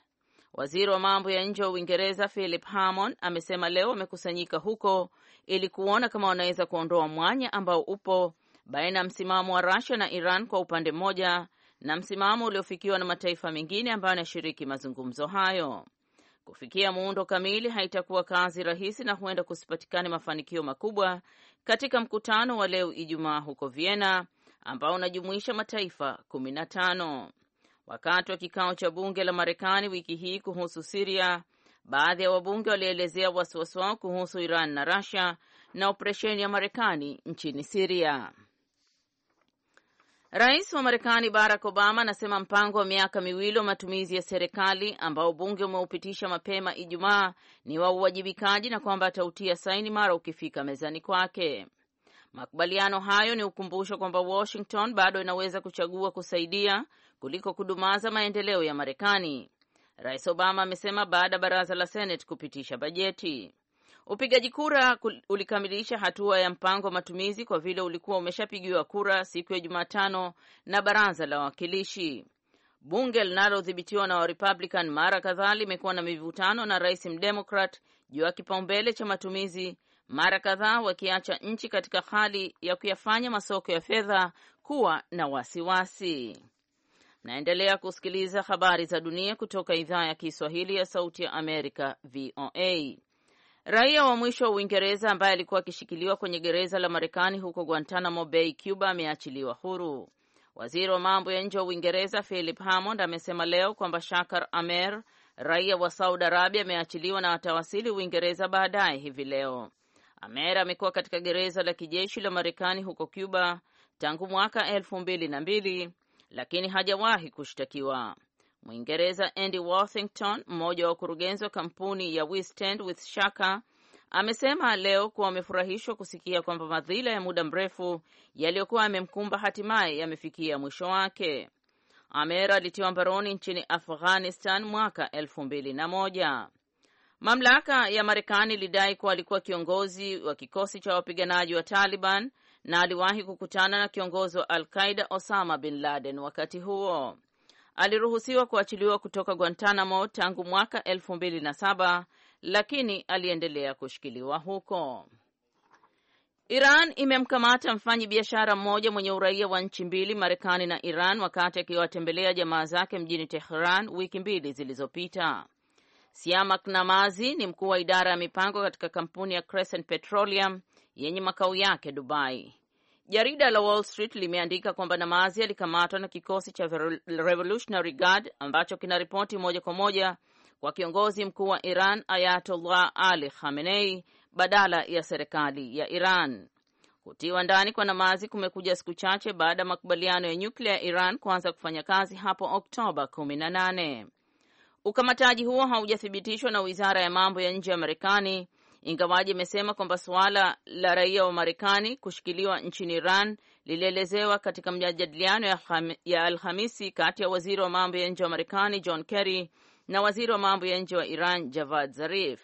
Waziri wa mambo ya nje wa Uingereza Philip Hammond amesema leo wamekusanyika huko ili kuona kama wanaweza kuondoa mwanya ambao upo baina ya msimamo wa Russia na Iran kwa upande mmoja na msimamo uliofikiwa na mataifa mengine ambayo yanashiriki mazungumzo hayo. Kufikia muundo kamili haitakuwa kazi rahisi na huenda kusipatikane mafanikio makubwa katika mkutano wa leo Ijumaa huko Vienna ambao unajumuisha mataifa kumi na tano. Wakati wa kikao cha bunge la Marekani wiki hii kuhusu Siria, baadhi ya wabunge walielezea wasiwasi wao kuhusu Iran na rasia na operesheni ya Marekani nchini Siria. Rais wa Marekani Barack Obama anasema mpango wa miaka miwili wa matumizi ya serikali ambao bunge umeupitisha mapema Ijumaa ni wa uwajibikaji na kwamba atautia saini mara ukifika mezani kwake. Makubaliano hayo ni ukumbusho kwamba Washington bado inaweza kuchagua kusaidia kuliko kudumaza maendeleo ya Marekani. Rais Obama amesema baada ya baraza la Senate kupitisha bajeti. Upigaji kura ulikamilisha hatua ya mpango wa matumizi kwa vile ulikuwa umeshapigiwa kura siku ya Jumatano na baraza la wawakilishi. Bunge linalodhibitiwa na Warepublican mara kadhaa limekuwa na mivutano na rais Mdemokrat juu ya kipaumbele cha matumizi, mara kadhaa wakiacha nchi katika hali ya kuyafanya masoko ya fedha kuwa na wasiwasi. Naendelea kusikiliza habari za dunia kutoka idhaa ya Kiswahili ya Sauti ya Amerika, VOA. Raia wa mwisho wa Uingereza ambaye alikuwa akishikiliwa kwenye gereza la Marekani huko Guantanamo Bay, Cuba, ameachiliwa huru. Waziri wa mambo ya nje wa Uingereza Philip Hammond amesema leo kwamba Shakar Amer, raia wa Saudi Arabia, ameachiliwa na atawasili Uingereza baadaye hivi leo. Amer amekuwa katika gereza la kijeshi la Marekani huko Cuba tangu mwaka elfu mbili na mbili lakini hajawahi kushtakiwa. Mwingereza Andy Worthington, mmoja wa wakurugenzi wa kampuni ya We Stand With Shaka, amesema leo kuwa wamefurahishwa kusikia kwamba madhila ya muda mrefu yaliyokuwa yamemkumba hatimaye yamefikia mwisho wake. Amer alitiwa mbaroni nchini Afghanistan mwaka elfu mbili na moja. Mamlaka ya Marekani ilidai kuwa alikuwa kiongozi wa kikosi cha wapiganaji wa Taliban na aliwahi kukutana na kiongozi wa Al-Qaida Osama bin Laden. Wakati huo aliruhusiwa kuachiliwa kutoka Guantanamo tangu mwaka 2007 lakini aliendelea kushikiliwa huko. Iran imemkamata mfanyi biashara mmoja mwenye uraia wa nchi mbili Marekani na Iran wakati akiwatembelea jamaa zake mjini Tehran wiki mbili zilizopita. Siamak Namazi ni mkuu wa idara ya mipango katika kampuni ya Crescent Petroleum yenye makao yake Dubai. Jarida la Wall Street limeandika kwamba Namazi alikamatwa na kikosi cha Revolutionary Guard ambacho kina ripoti moja kwa moja kwa kiongozi mkuu wa Iran Ayatollah Ali Khamenei badala ya serikali ya Iran. Kutiwa ndani kwa Namazi kumekuja siku chache baada ya makubaliano ya nyuklia ya Iran kuanza kufanya kazi hapo Oktoba 18. Ukamataji huo haujathibitishwa na wizara ya mambo ya nje ya Marekani ingawaji imesema kwamba suala la raia wa Marekani kushikiliwa nchini Iran lilielezewa katika majadiliano ya, Alhamisi kati ya waziri wa mambo ya nje wa Marekani John Kerry na waziri wa mambo ya nje wa Iran Javad Zarif.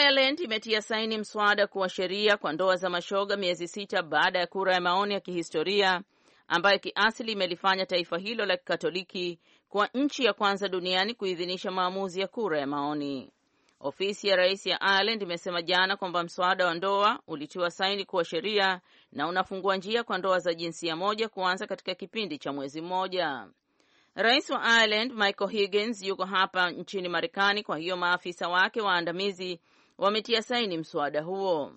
Ireland imetia saini mswada kuwa sheria kwa ndoa za mashoga miezi sita baada ya kura ya maoni ya kihistoria ambayo kiasili imelifanya taifa hilo la Kikatoliki kuwa nchi ya kwanza duniani kuidhinisha maamuzi ya kura ya maoni. Ofisi ya rais ya Ireland imesema jana kwamba mswada wa ndoa ulitiwa saini kuwa sheria na unafungua njia kwa ndoa za jinsia moja kuanza katika kipindi cha mwezi mmoja. Rais wa Ireland Michael Higgins yuko hapa nchini Marekani, kwa hiyo maafisa wake waandamizi wametia saini mswada huo.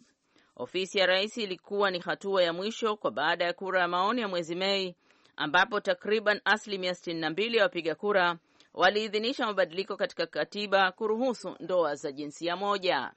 Ofisi ya rais ilikuwa ni hatua ya mwisho kwa baada ya kura ya maoni ya mwezi Mei ambapo takriban asilimia mbili ya wapiga kura waliidhinisha mabadiliko katika katiba kuruhusu ndoa za jinsia moja.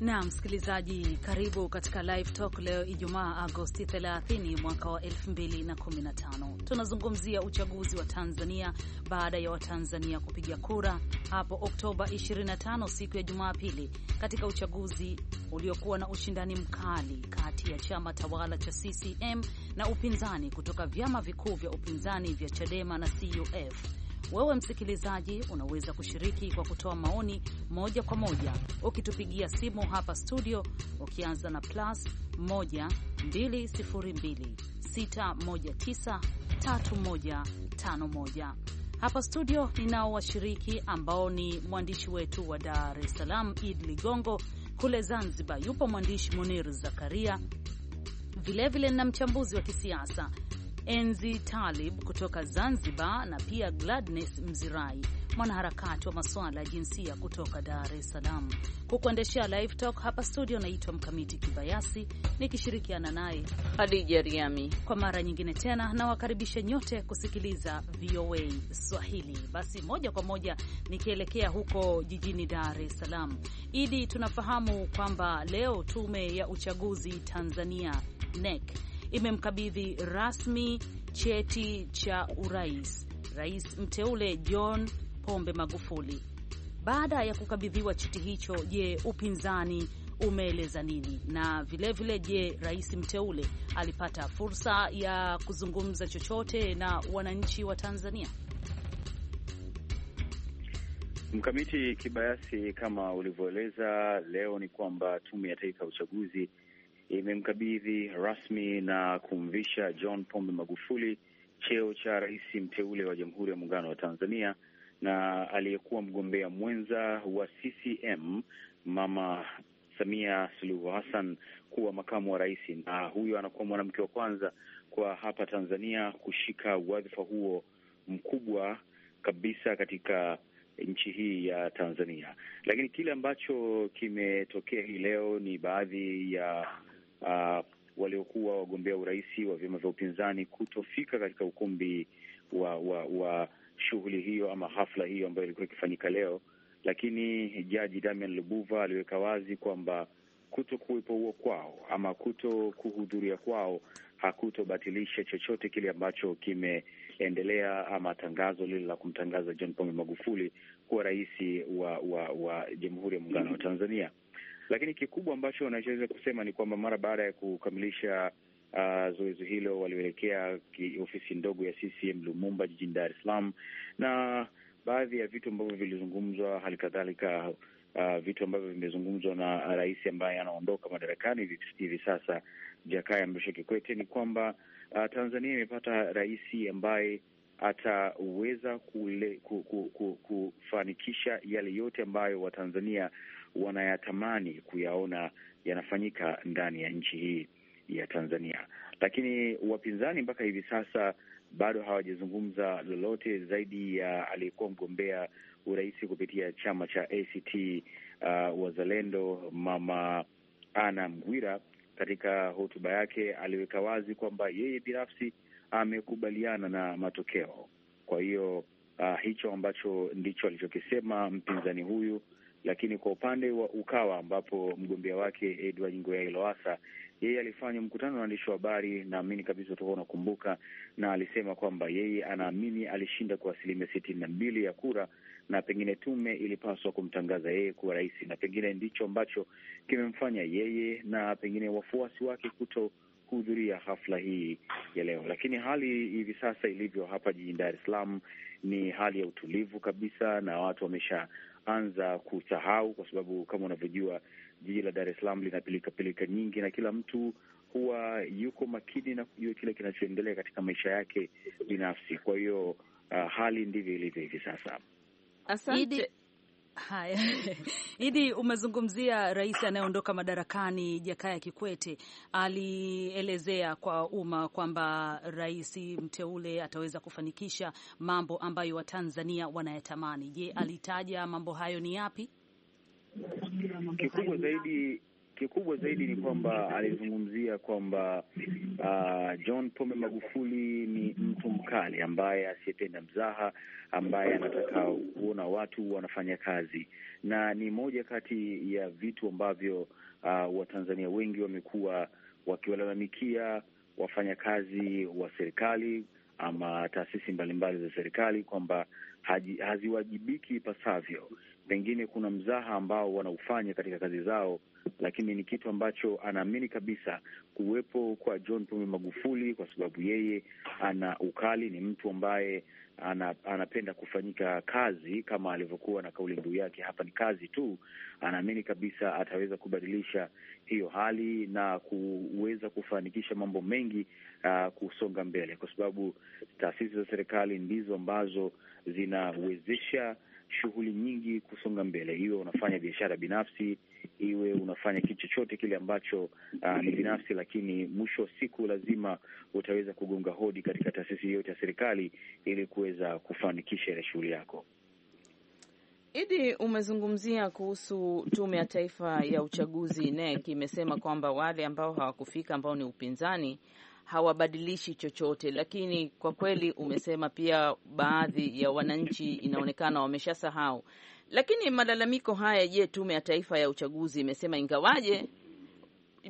Na msikilizaji, karibu katika Live Talk leo Ijumaa, Agosti 30 mwaka wa 2015. Tunazungumzia uchaguzi wa Tanzania baada ya Watanzania kupiga kura hapo Oktoba 25 siku ya Jumapili, katika uchaguzi uliokuwa na ushindani mkali kati ya chama tawala cha CCM na upinzani kutoka vyama vikuu vya upinzani vya Chadema na CUF. Wewe msikilizaji, unaweza kushiriki kwa kutoa maoni moja kwa moja ukitupigia simu hapa studio, ukianza na plus 1 202 619 3151. Hapa studio ninao washiriki ambao ni mwandishi wetu wa Dar es Salaam id Ligongo, kule Zanzibar yupo mwandishi Munir Zakaria, vilevile na mchambuzi wa kisiasa Enzi Talib kutoka Zanzibar na pia Gladness Mzirai mwanaharakati wa masuala ya jinsia kutoka Dar es Salaam. Kukuendeshea live talk hapa studio, naitwa Mkamiti Kibayasi nikishirikiana naye Hadija Riami. Kwa mara nyingine tena nawakaribisha nyote kusikiliza VOA Swahili. Basi moja kwa moja nikielekea huko jijini Dar es Salaam, Idi, tunafahamu kwamba leo tume ya uchaguzi Tanzania NEC imemkabidhi rasmi cheti cha urais rais mteule John Pombe Magufuli. Baada ya kukabidhiwa cheti hicho, je, upinzani umeeleza nini? Na vilevile je, rais mteule alipata fursa ya kuzungumza chochote na wananchi wa Tanzania? Mkamiti Kibayasi, kama ulivyoeleza, leo ni kwamba Tume ya Taifa ya Uchaguzi imemkabidhi rasmi na kumvisha John Pombe Magufuli cheo cha rais mteule wa Jamhuri ya Muungano wa Tanzania na aliyekuwa mgombea mwenza wa CCM Mama Samia Suluhu Hassan kuwa makamu wa rais, na huyo anakuwa mwanamke wa kwanza kwa hapa Tanzania kushika wadhifa huo mkubwa kabisa katika nchi hii ya Tanzania. Lakini kile ambacho kimetokea hii leo ni baadhi ya uh, waliokuwa wagombea urais wa vyama vya upinzani kutofika katika ukumbi wa wa, wa shughuli hiyo ama hafla hiyo ambayo ilikuwa ikifanyika leo, lakini jaji Damian Lubuva aliweka wazi kwamba kuto kuwepo huo kwao ama kuto kuhudhuria kwao hakutobatilisha chochote kile ambacho kimeendelea ama tangazo lile la kumtangaza John Pombe Magufuli kuwa rais wa, wa, wa Jamhuri ya Muungano wa Tanzania. Lakini kikubwa ambacho wanachoweza kusema ni kwamba mara baada ya kukamilisha Uh, zoezi hilo walioelekea ofisi ndogo ya CCM Lumumba jijini Dar es Salaam, na baadhi ya vitu ambavyo vilizungumzwa, hali kadhalika uh, vitu ambavyo vimezungumzwa na rais ambaye anaondoka madarakani hivi sasa Jakaya Mrisho Kikwete ni kwamba uh, Tanzania imepata rais ambaye ataweza kufanikisha yale yote ambayo Watanzania wanayatamani kuyaona yanafanyika ndani ya nchi hii ya Tanzania, lakini wapinzani mpaka hivi sasa bado hawajazungumza lolote zaidi ya aliyekuwa mgombea urais kupitia chama cha ACT uh, Wazalendo, Mama Anna Mghwira. Katika hotuba yake aliweka wazi kwamba yeye binafsi amekubaliana na matokeo. Kwa hiyo uh, hicho ambacho ndicho alichokisema mpinzani huyu lakini kwa upande wa Ukawa ambapo mgombea wake Edward Ngoyai Lowassa yeye alifanya mkutano na waandishi wa habari, naamini kabisa utakuwa unakumbuka, na alisema kwamba yeye anaamini alishinda kwa asilimia sitini na mbili ya kura na pengine tume ilipaswa kumtangaza yeye kuwa rais, na pengine ndicho ambacho kimemfanya yeye na pengine wafuasi wake kuto kuhudhuria hafla hii ya leo. Lakini hali hivi sasa ilivyo hapa jijini Dar es Salaam ni hali ya utulivu kabisa, na watu wamesha anza kusahau, kwa sababu kama unavyojua jiji la Dar es Salaam lina pilika nyingi na kila mtu huwa yuko makini na kujua kile kinachoendelea katika maisha yake binafsi. Kwa hiyo uh, hali ndivyo ilivyo hivi sasa. Asante. Haya, Idi, umezungumzia rais anayeondoka madarakani Jakaya Kikwete. Alielezea kwa umma kwamba rais mteule ataweza kufanikisha mambo ambayo Watanzania wanayatamani. Je, alitaja mambo hayo ni yapi? Kikubwa zaidi kikubwa zaidi ni kwamba alizungumzia kwamba uh, John Pombe Magufuli ni mtu mkali ambaye asiyependa mzaha, ambaye anataka kuona watu wanafanya kazi, na ni moja kati ya vitu ambavyo uh, Watanzania wengi wamekuwa wakiwalalamikia wafanyakazi wa serikali ama taasisi mbalimbali za serikali kwamba haziwajibiki ipasavyo. Pengine kuna mzaha ambao wanaufanya katika kazi zao, lakini ni kitu ambacho anaamini kabisa kuwepo kwa John Pombe Magufuli, kwa sababu yeye ana ukali, ni mtu ambaye ana, anapenda kufanyika kazi kama alivyokuwa na kauli mbiu yake hapa ni kazi tu. Anaamini kabisa ataweza kubadilisha hiyo hali na kuweza kufanikisha mambo mengi uh, kusonga mbele, kwa sababu taasisi za serikali ndizo ambazo zinawezesha shughuli nyingi kusonga mbele, iwe unafanya biashara binafsi, iwe unafanya kitu chochote kile ambacho uh, ni binafsi, lakini mwisho wa siku lazima utaweza kugonga hodi katika taasisi yoyote ya serikali ili kuweza kufanikisha ile shughuli yako. Idi, umezungumzia kuhusu Tume ya Taifa ya Uchaguzi NEC imesema kwamba wale ambao hawakufika ambao ni upinzani hawabadilishi chochote, lakini kwa kweli umesema pia baadhi ya wananchi inaonekana wameshasahau. Lakini malalamiko haya, je, Tume ya Taifa ya Uchaguzi imesema ingawaje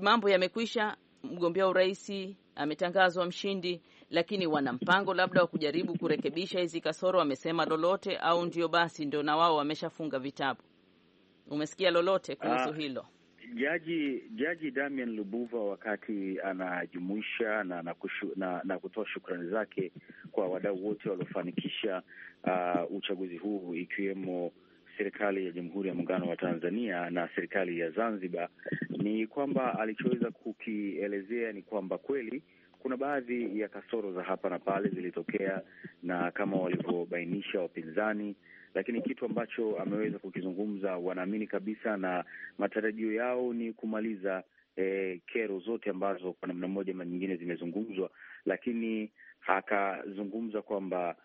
mambo yamekwisha, mgombea urais ametangazwa mshindi, lakini wana mpango labda wa kujaribu kurekebisha hizi kasoro, wamesema lolote au ndio basi ndio na wao wameshafunga vitabu? Umesikia lolote kuhusu ah, hilo? Jaji Jaji Damian Lubuva wakati anajumuisha na, na, na, na kutoa shukrani zake kwa wadau wote waliofanikisha uh, uchaguzi huu ikiwemo serikali ya Jamhuri ya Muungano wa Tanzania na serikali ya Zanzibar, ni kwamba alichoweza kukielezea ni kwamba kweli kuna baadhi ya kasoro za hapa na pale zilitokea, na kama walivyobainisha wapinzani lakini kitu ambacho ameweza kukizungumza, wanaamini kabisa na matarajio yao ni kumaliza eh, kero zote ambazo kwa namna moja ama nyingine zimezungumzwa, lakini akazungumza kwamba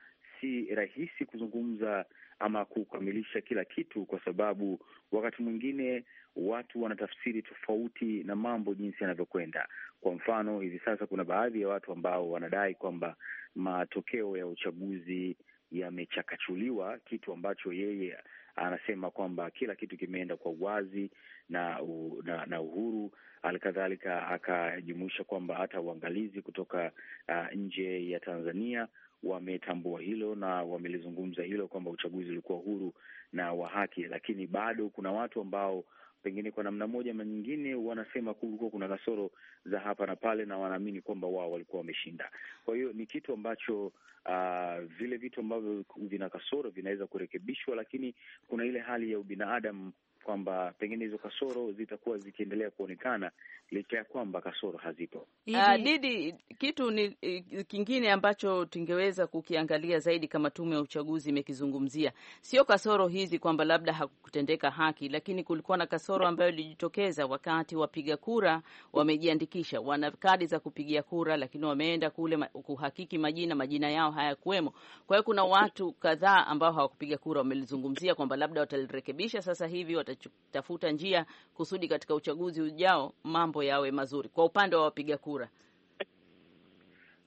si rahisi kuzungumza ama kukamilisha kila kitu, kwa sababu wakati mwingine watu wanatafsiri tofauti na mambo jinsi yanavyokwenda. Kwa mfano, hivi sasa kuna baadhi ya watu ambao wanadai kwamba matokeo ya uchaguzi yamechakachuliwa, kitu ambacho yeye anasema kwamba kila kitu kimeenda kwa uwazi na, na, na uhuru. Halikadhalika akajumuisha kwamba hata uangalizi kutoka uh, nje ya Tanzania wametambua hilo na wamelizungumza hilo kwamba uchaguzi ulikuwa huru na wa haki, lakini bado kuna watu ambao pengine kwa namna moja ama nyingine, wanasema kulikuwa kuna kasoro za hapa na pale, na wanaamini kwamba wao walikuwa wameshinda. Kwa hiyo ni kitu ambacho uh, vile vitu ambavyo vina kasoro vinaweza kurekebishwa, lakini kuna ile hali ya ubinadamu kwamba pengine hizo kasoro zitakuwa zikiendelea kuonekana licha ya kwamba kasoro hazipo. Uh, Didi, kitu ni eh, kingine ambacho tungeweza kukiangalia zaidi kama tume ya uchaguzi imekizungumzia, sio kasoro hizi kwamba labda hakutendeka haki, lakini kulikuwa na kasoro ambayo ilijitokeza wakati wapiga kura wamejiandikisha, wana kadi za kupigia kura, lakini wameenda kule kuhakiki majina, majina yao hayakuwemo. Kwa hiyo kuna watu kadhaa ambao hawakupiga kura, wamelizungumzia kwamba labda watalirekebisha sasa hivi wata watatafuta njia kusudi katika uchaguzi ujao mambo yawe mazuri kwa upande wa wapiga kura.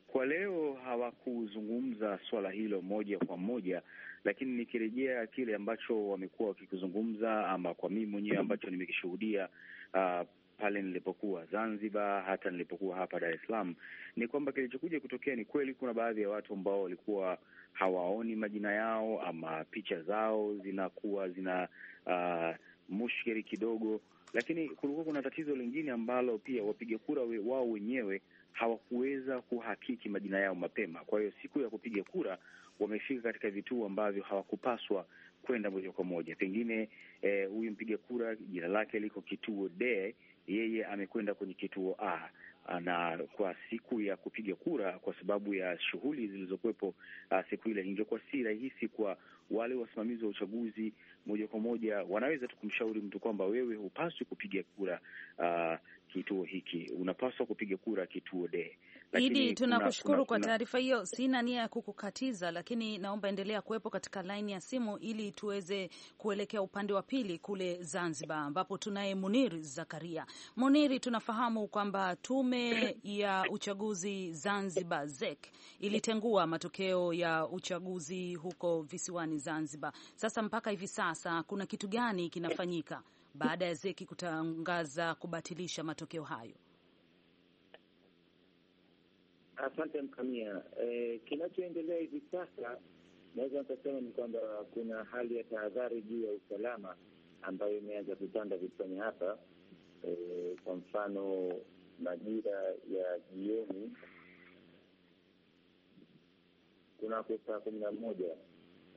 Kwa leo hawakuzungumza swala hilo moja kwa moja, lakini nikirejea kile ambacho wamekuwa wakikizungumza, ama kwa mimi mwenyewe ambacho nimekishuhudia uh, pale nilipokuwa Zanzibar, hata nilipokuwa hapa Dar es Salaam, ni kwamba kilichokuja kutokea ni kweli, kuna baadhi ya watu ambao walikuwa hawaoni majina yao ama picha zao zinakuwa zina uh, mushkeli kidogo, lakini kulikuwa kuna tatizo lingine ambalo pia wapiga kura we, wao wenyewe hawakuweza kuhakiki majina yao mapema. Kwa hiyo siku ya kupiga kura wamefika katika vituo ambavyo hawakupaswa kwenda moja kwa moja. Pengine eh, huyu eh, mpiga kura jina lake liko kituo D, yeye amekwenda kwenye kituo A. Uh, na kwa siku ya kupiga kura, kwa sababu ya shughuli zilizokuwepo uh, siku ile, ingekuwa si rahisi kwa wale wasimamizi wa uchaguzi moja kwa moja. Wanaweza tu kumshauri mtu kwamba wewe hupaswi kupiga kura uh, kituo hiki, unapaswa kupiga kura kituo de Idi, tunakushukuru kwa taarifa hiyo. Sina nia ya kukukatiza, lakini naomba endelea kuwepo katika laini ya simu ili tuweze kuelekea upande wa pili kule Zanzibar, ambapo tunaye munir Zakaria. Muniri, tunafahamu kwamba tume ya uchaguzi Zanzibar ZEC ilitengua matokeo ya uchaguzi huko visiwani Zanzibar. Sasa mpaka hivi sasa kuna kitu gani kinafanyika baada ya ZEC kutangaza kubatilisha matokeo hayo? Asante Mkamia. E, kinachoendelea hivi sasa naweza nikasema ni kwamba kuna hali ya tahadhari juu ya usalama ambayo imeanza kutanda vichwani hapa. E, kwa mfano majira ya jioni kunako saa kumi na moja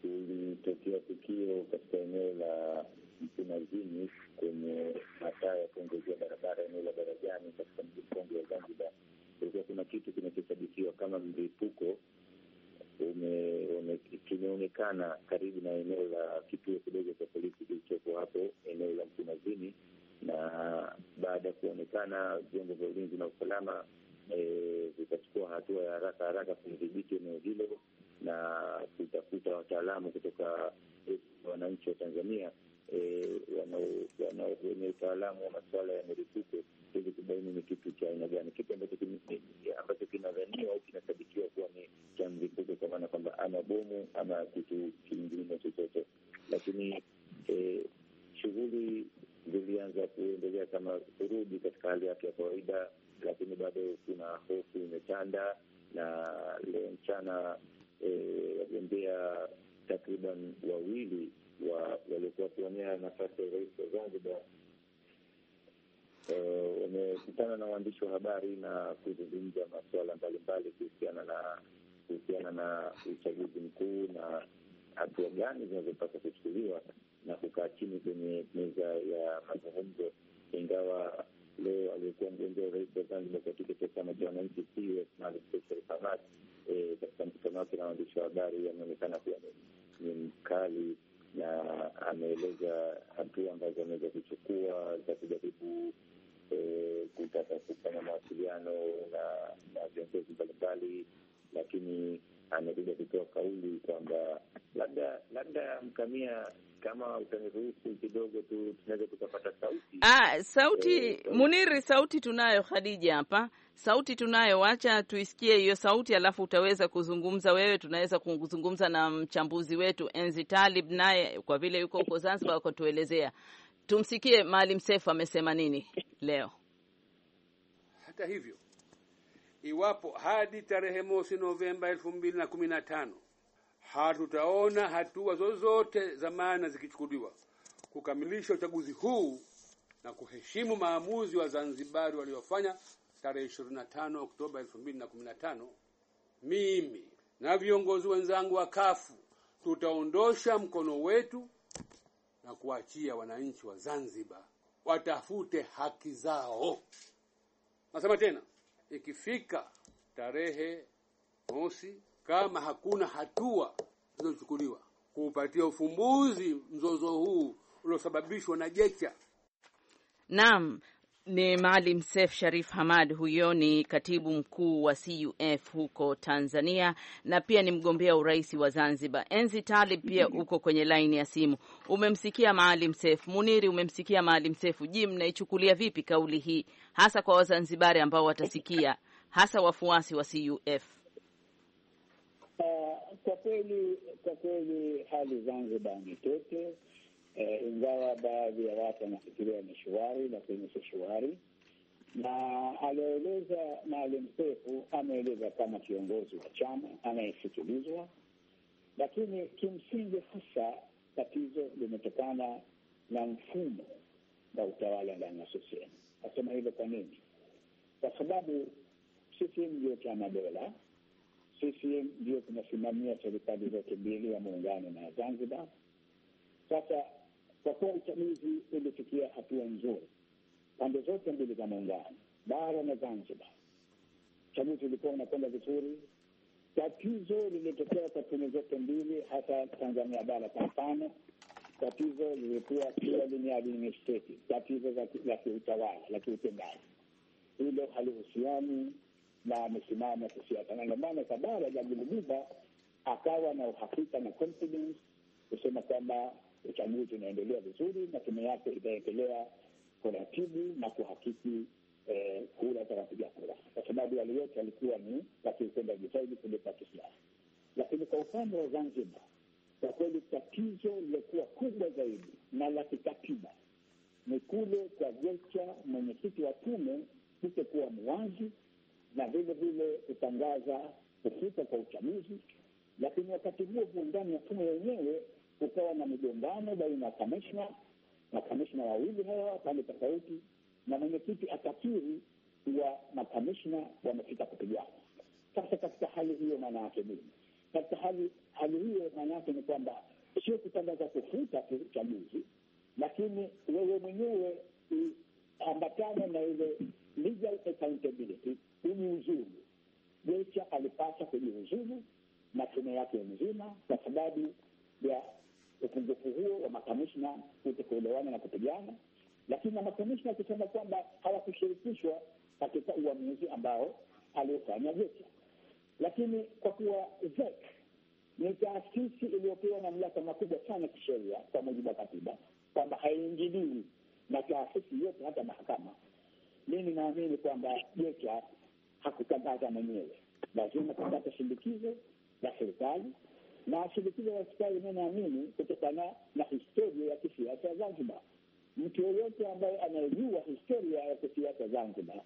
kulitokea tukio katika eneo la Mkunazini kwenye mataa ya kuongezia barabara eneo la Darajani katika mji mkongwe wa Zanzibar kulikuwa kuna kitu kinachosadikiwa kama mlipuko kimeonekana karibu na eneo la kituo kidogo cha polisi kilichoko hapo eneo la Mkunazini, na baada ya kuonekana vyombo vya ulinzi na usalama e, vikachukua e, hatua ya haraka haraka kudhibiti eneo hilo na kutafuta wataalamu kutoka wananchi wa Tanzania E, wenye utaalamu wa masuala ya milipuko ili kubaini ni kitu cha aina gani, kitu ambacho kinadhaniwa au kinasadikiwa kuwa ni cha mlipuko, kwa maana kwamba ama bomu ama kitu kingine chochote. Lakini e, shughuli zilianza kuendelea kama kurudi katika hali yake ya kawaida, lakini bado kuna hofu imetanda, na leo mchana e, wagombea takriban wawili waliokuwa wakiwania nafasi ya urais wa Zanzibar eh, wamekutana na waandishi wa habari na kuzungumza masuala mbalimbali kuhusiana na kuhusiana na uchaguzi mkuu na hatua gani zinazopaswa kuchukuliwa na kukaa chini kwenye meza ya mazungumzo. Ingawa leo aliyekuwa mgombea urais wa Zanzibar kwa tiketi ya chama cha wananchi eh, katika mkutano wake na waandishi wa habari ameonekana kuwa ni mkali na ameeleza hatua ambazo ameweza kuchukua za kujaribu eh, kutaka kufanya mawasiliano na viongozi mbalimbali, lakini amekuja kutoa kauli kwamba labda labda Mkamia, kama utaniruhusu kidogo tu, tunaweza tukapata sauti ah, sauti e, Muniri, sauti tunayo Khadija hapa, sauti tunayo. Wacha tuisikie hiyo sauti, alafu utaweza kuzungumza wewe, tunaweza kuzungumza na mchambuzi wetu Enzi Talib, naye kwa vile yuko huko Zanzibar akotuelezea. Tumsikie Maalim Sefu amesema nini leo. Hata hivyo Iwapo hadi tarehe mosi Novemba elfu mbili na kumi na tano hatutaona hatua zozote za maana zikichukuliwa kukamilisha uchaguzi huu na kuheshimu maamuzi wa Zanzibari waliofanya tarehe 25 Oktoba 2015, mimi na viongozi wenzangu wa kafu tutaondosha mkono wetu na kuachia wananchi wa Zanzibar watafute haki zao. Nasema tena, ikifika tarehe mosi, kama hakuna hatua zilizochukuliwa kuupatia ufumbuzi mzozo huu uliosababishwa na Jecha. Naam, ni Maalim sef Sharif Hamad, huyo ni katibu mkuu wa CUF huko Tanzania na pia ni mgombea urais wa Zanzibar. Enzi Talib pia mm-hmm. uko kwenye laini ya simu. Umemsikia Maalim Sef. Muniri, umemsikia Maalim Sef. Je, mnaichukulia vipi kauli hii hasa kwa Wazanzibari ambao watasikia hasa wafuasi wa CUF? Uh, ah, kwa kweli kwa kweli hali Zanzibar ni tete Eh, ingawa baadhi ya watu wanafikiria ni shwari, lakini si shuari Na alioeleza Maalim Seif ameeleza kama kiongozi wa chama anayesikilizwa, lakini kimsingi hasa tatizo limetokana na mfumo wa utawala ndani ya CCM. Nasema hivyo kwa nini? Kwa sababu CCM ndiyo chama dola, CCM ndiyo tunasimamia serikali zote mbili ya muungano na Zanzibar. Sasa kwa kuwa uchaguzi ulifikia hatua nzuri pande zote mbili za Muungano, bara na Zanzibar. Uchaguzi ulikuwa unakwenda vizuri. Tatizo lilitokea kwa tume zote mbili, hasa Tanzania bara kwa mfano, tatizo lilikuwa kila limeadministreti, tatizo la kiutawala la kiutendaji. Hilo halihusiani na misimamo ya kisiasa, na ndio maana Kabara, Jaji akawa na uhakika na confidence kusema kwamba uchaguzi unaendelea vizuri na tume yake itaendelea kuratibu na kuhakiki eh, kura za wapiga kura, kwa sababu yale yote yalikuwa ni kwenda zaidi kulipa Kiislamu. Lakini kwa upande wa Zanzibar, kwa kweli tatizo lilokuwa kubwa zaidi na la kikatiba ni kule kwa Jecha mwenyekiti wa tume kutokuwa mwazi na vile vile kutangaza kufuta kwa uchaguzi, lakini wakati huo huo ndani ya tume yenyewe kukawa na migongano baina ya kamishna makamishna wawili hawa pande tofauti, na mwenyekiti akakiri kuwa makamishna wamefika kupigana. Sasa katika hali hiyo maana yake nini? Katika hali hali hiyo maana yake ni kwamba sio kutangaza kufuta uchaguzi, lakini wewe mwenyewe uambatane na ile legal accountability, ujiuzulu. Jecha alipaswa kujiuzulu na tume yake nzima kwa sababu ya upungufu huo wa makamishna kutokuelewana na kupigana, lakini na makamishna akisema kwamba hawakushirikishwa katika uamuzi ambao aliofanya VETA. Lakini kwa kuwa ni taasisi iliyopewa mamlaka makubwa sana kisheria kwa mujibu wa katiba kwamba haiingiliwi na taasisi yote, hata mahakama. Mimi naamini kwamba VETA hakutangaza mwenyewe, lazima kupata shindikizo la serikali na shinikizo la serikali, mi kutokana na historia ya kisiasa ya Zanzibar. Mtu yeyote ambaye anayejua historia ya kisiasa Zanzibar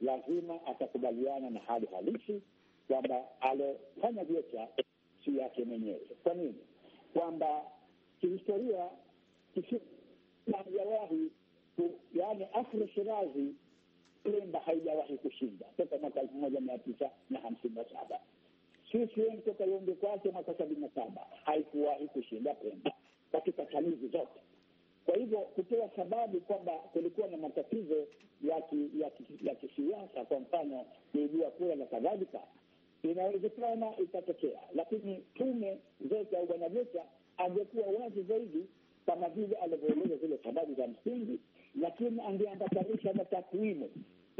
lazima atakubaliana na hali halisi kwamba alofanya Jecha si yake mwenyewe. Kwa nini? Kwamba kihistoria haijawahi yani Afro Shirazi Pemba haijawahi kushinda toka mwaka elfu moja mia tisa na hamsini na saba. CCM toka iombe kwake mwaka sabini na saba haikuwahi kushinda Pemba katika chaguzi zote. Kwa hivyo kutoa sababu kwamba kulikuwa na matatizo ya kisiasa, kwa mfano kuibua kura na kadhalika, inawezekana itatokea, lakini tume zote au bwana angekuwa wazi zaidi kama vile alivyoeleza zile sababu za msingi, lakini angeambatanisha na takwimu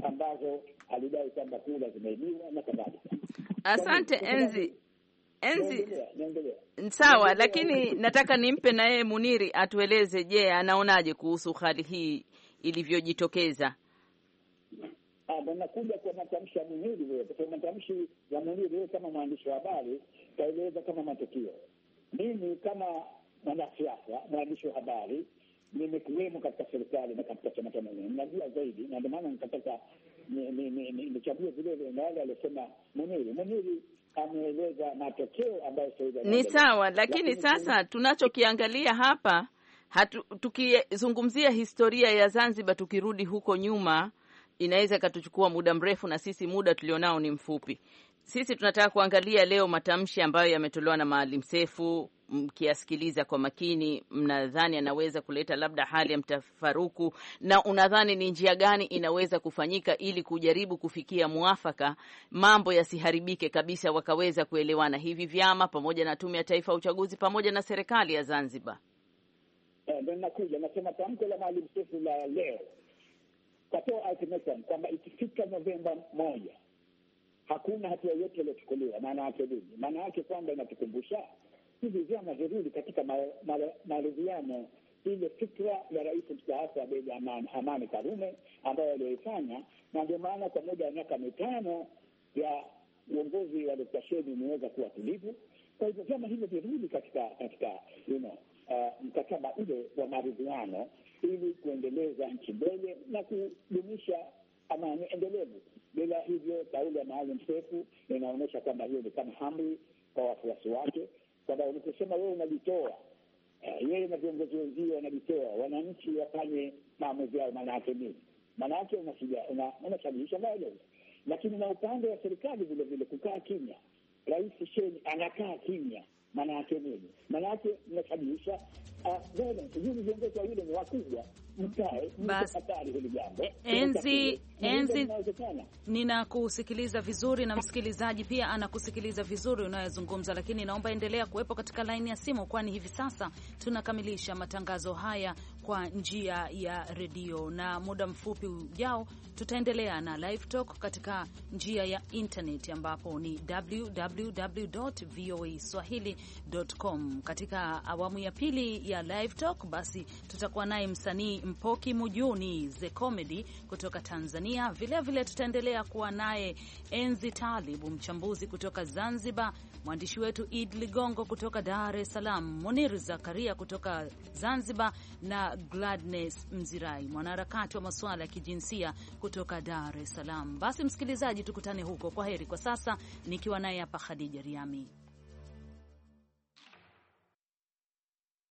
ambazo alidai kwamba kula zimeibiwa na kadhalika. Asante enzi enzi, sawa, lakini nataka nimpe na yeye Muniri atueleze, je, anaonaje kuhusu hali hii ilivyojitokeza? Ah, nakuja kwa matamshi ya Muniri matamshi ya Muniri kama mwandishi wa habari taeleza kama matukio. Mimi kama mwanasiasa, mwandishi wa habari nimekuwemo katika serikali na katika chama cha mwenyewe, najua zaidi, na ndio maana nikataka nichague vile vile na yale waliosema mwenyewe mwenyewe ameeleza matokeo ambayo ni sawa, lakini sasa tunachokiangalia hapa hatu, tukizungumzia historia ya Zanzibar, tukirudi huko nyuma, inaweza ikatuchukua muda mrefu, na sisi muda tulionao ni mfupi. Sisi tunataka kuangalia leo matamshi ambayo yametolewa na Maalim Sefu mkiasikiliza kwa makini, mnadhani anaweza kuleta labda hali ya mtafaruku, na unadhani ni njia gani inaweza kufanyika ili kujaribu kufikia mwafaka, mambo yasiharibike kabisa, wakaweza kuelewana hivi vyama pamoja na Tume ya Taifa ya Uchaguzi pamoja na serikali ya Zanzibar? Eh, Nakuja nasema tamko la Maalim Seif la leo katoa ultimatum kwamba ikifika Novemba moja hakuna hatua yote iliyochukuliwa. Maana yake nini? Maana yake kwamba inatukumbusha hivi vyama virudi katika maridhiano ile fikra ya rais mstaafu Abeid Amani Karume ambayo aliyoifanya, na ndio maana kwa muda wa miaka mitano ya uongozi wa Dokta Shein umeweza kuwa tulivu. Kwa hivyo vyama hivyo virudi katika katika you know, uh, mkataba ule wa maridhiano ili kuendeleza nchi mbele na kudumisha amani endelevu. Bila hivyo, kauli ya Maalim Seif inaonyesha kwamba hiyo ni kama amri kwa wafuasi wake kwamba uliposema wewe unajitoa yeye eh, na viongozi wenzie wanajitoa, wananchi wafanye maamuzi yao, maanayake nini? Maanayake unashabihisha moja, lakini na upande wa serikali vile vile kukaa kimya. Rais Sheni anakaa kimya, maanayake nini? Maanayake unashabihisha ah, viongozi wawili ni wakubwa enzi enzi, ninakusikiliza vizuri na msikilizaji pia anakusikiliza vizuri unayozungumza, lakini naomba endelea kuwepo katika laini ya simu, kwani hivi sasa tunakamilisha matangazo haya kwa njia ya redio, na muda mfupi ujao tutaendelea na live talk katika njia ya internet, ambapo ni swahilicom Katika awamu ya pili ya live talk, basi tutakuwa naye msanii Mpoki Mujuni The Comedy kutoka Tanzania. Vilevile tutaendelea kuwa naye Enzi Talibu, mchambuzi kutoka Zanzibar, mwandishi wetu Id Ligongo kutoka Dar es Salaam, Munir Zakaria kutoka Zanzibar na Gladness Mzirai, mwanaharakati wa masuala ya kijinsia kutoka Dar es Salaam. Basi msikilizaji, tukutane huko. Kwa heri kwa sasa, nikiwa naye hapa Khadija Riami.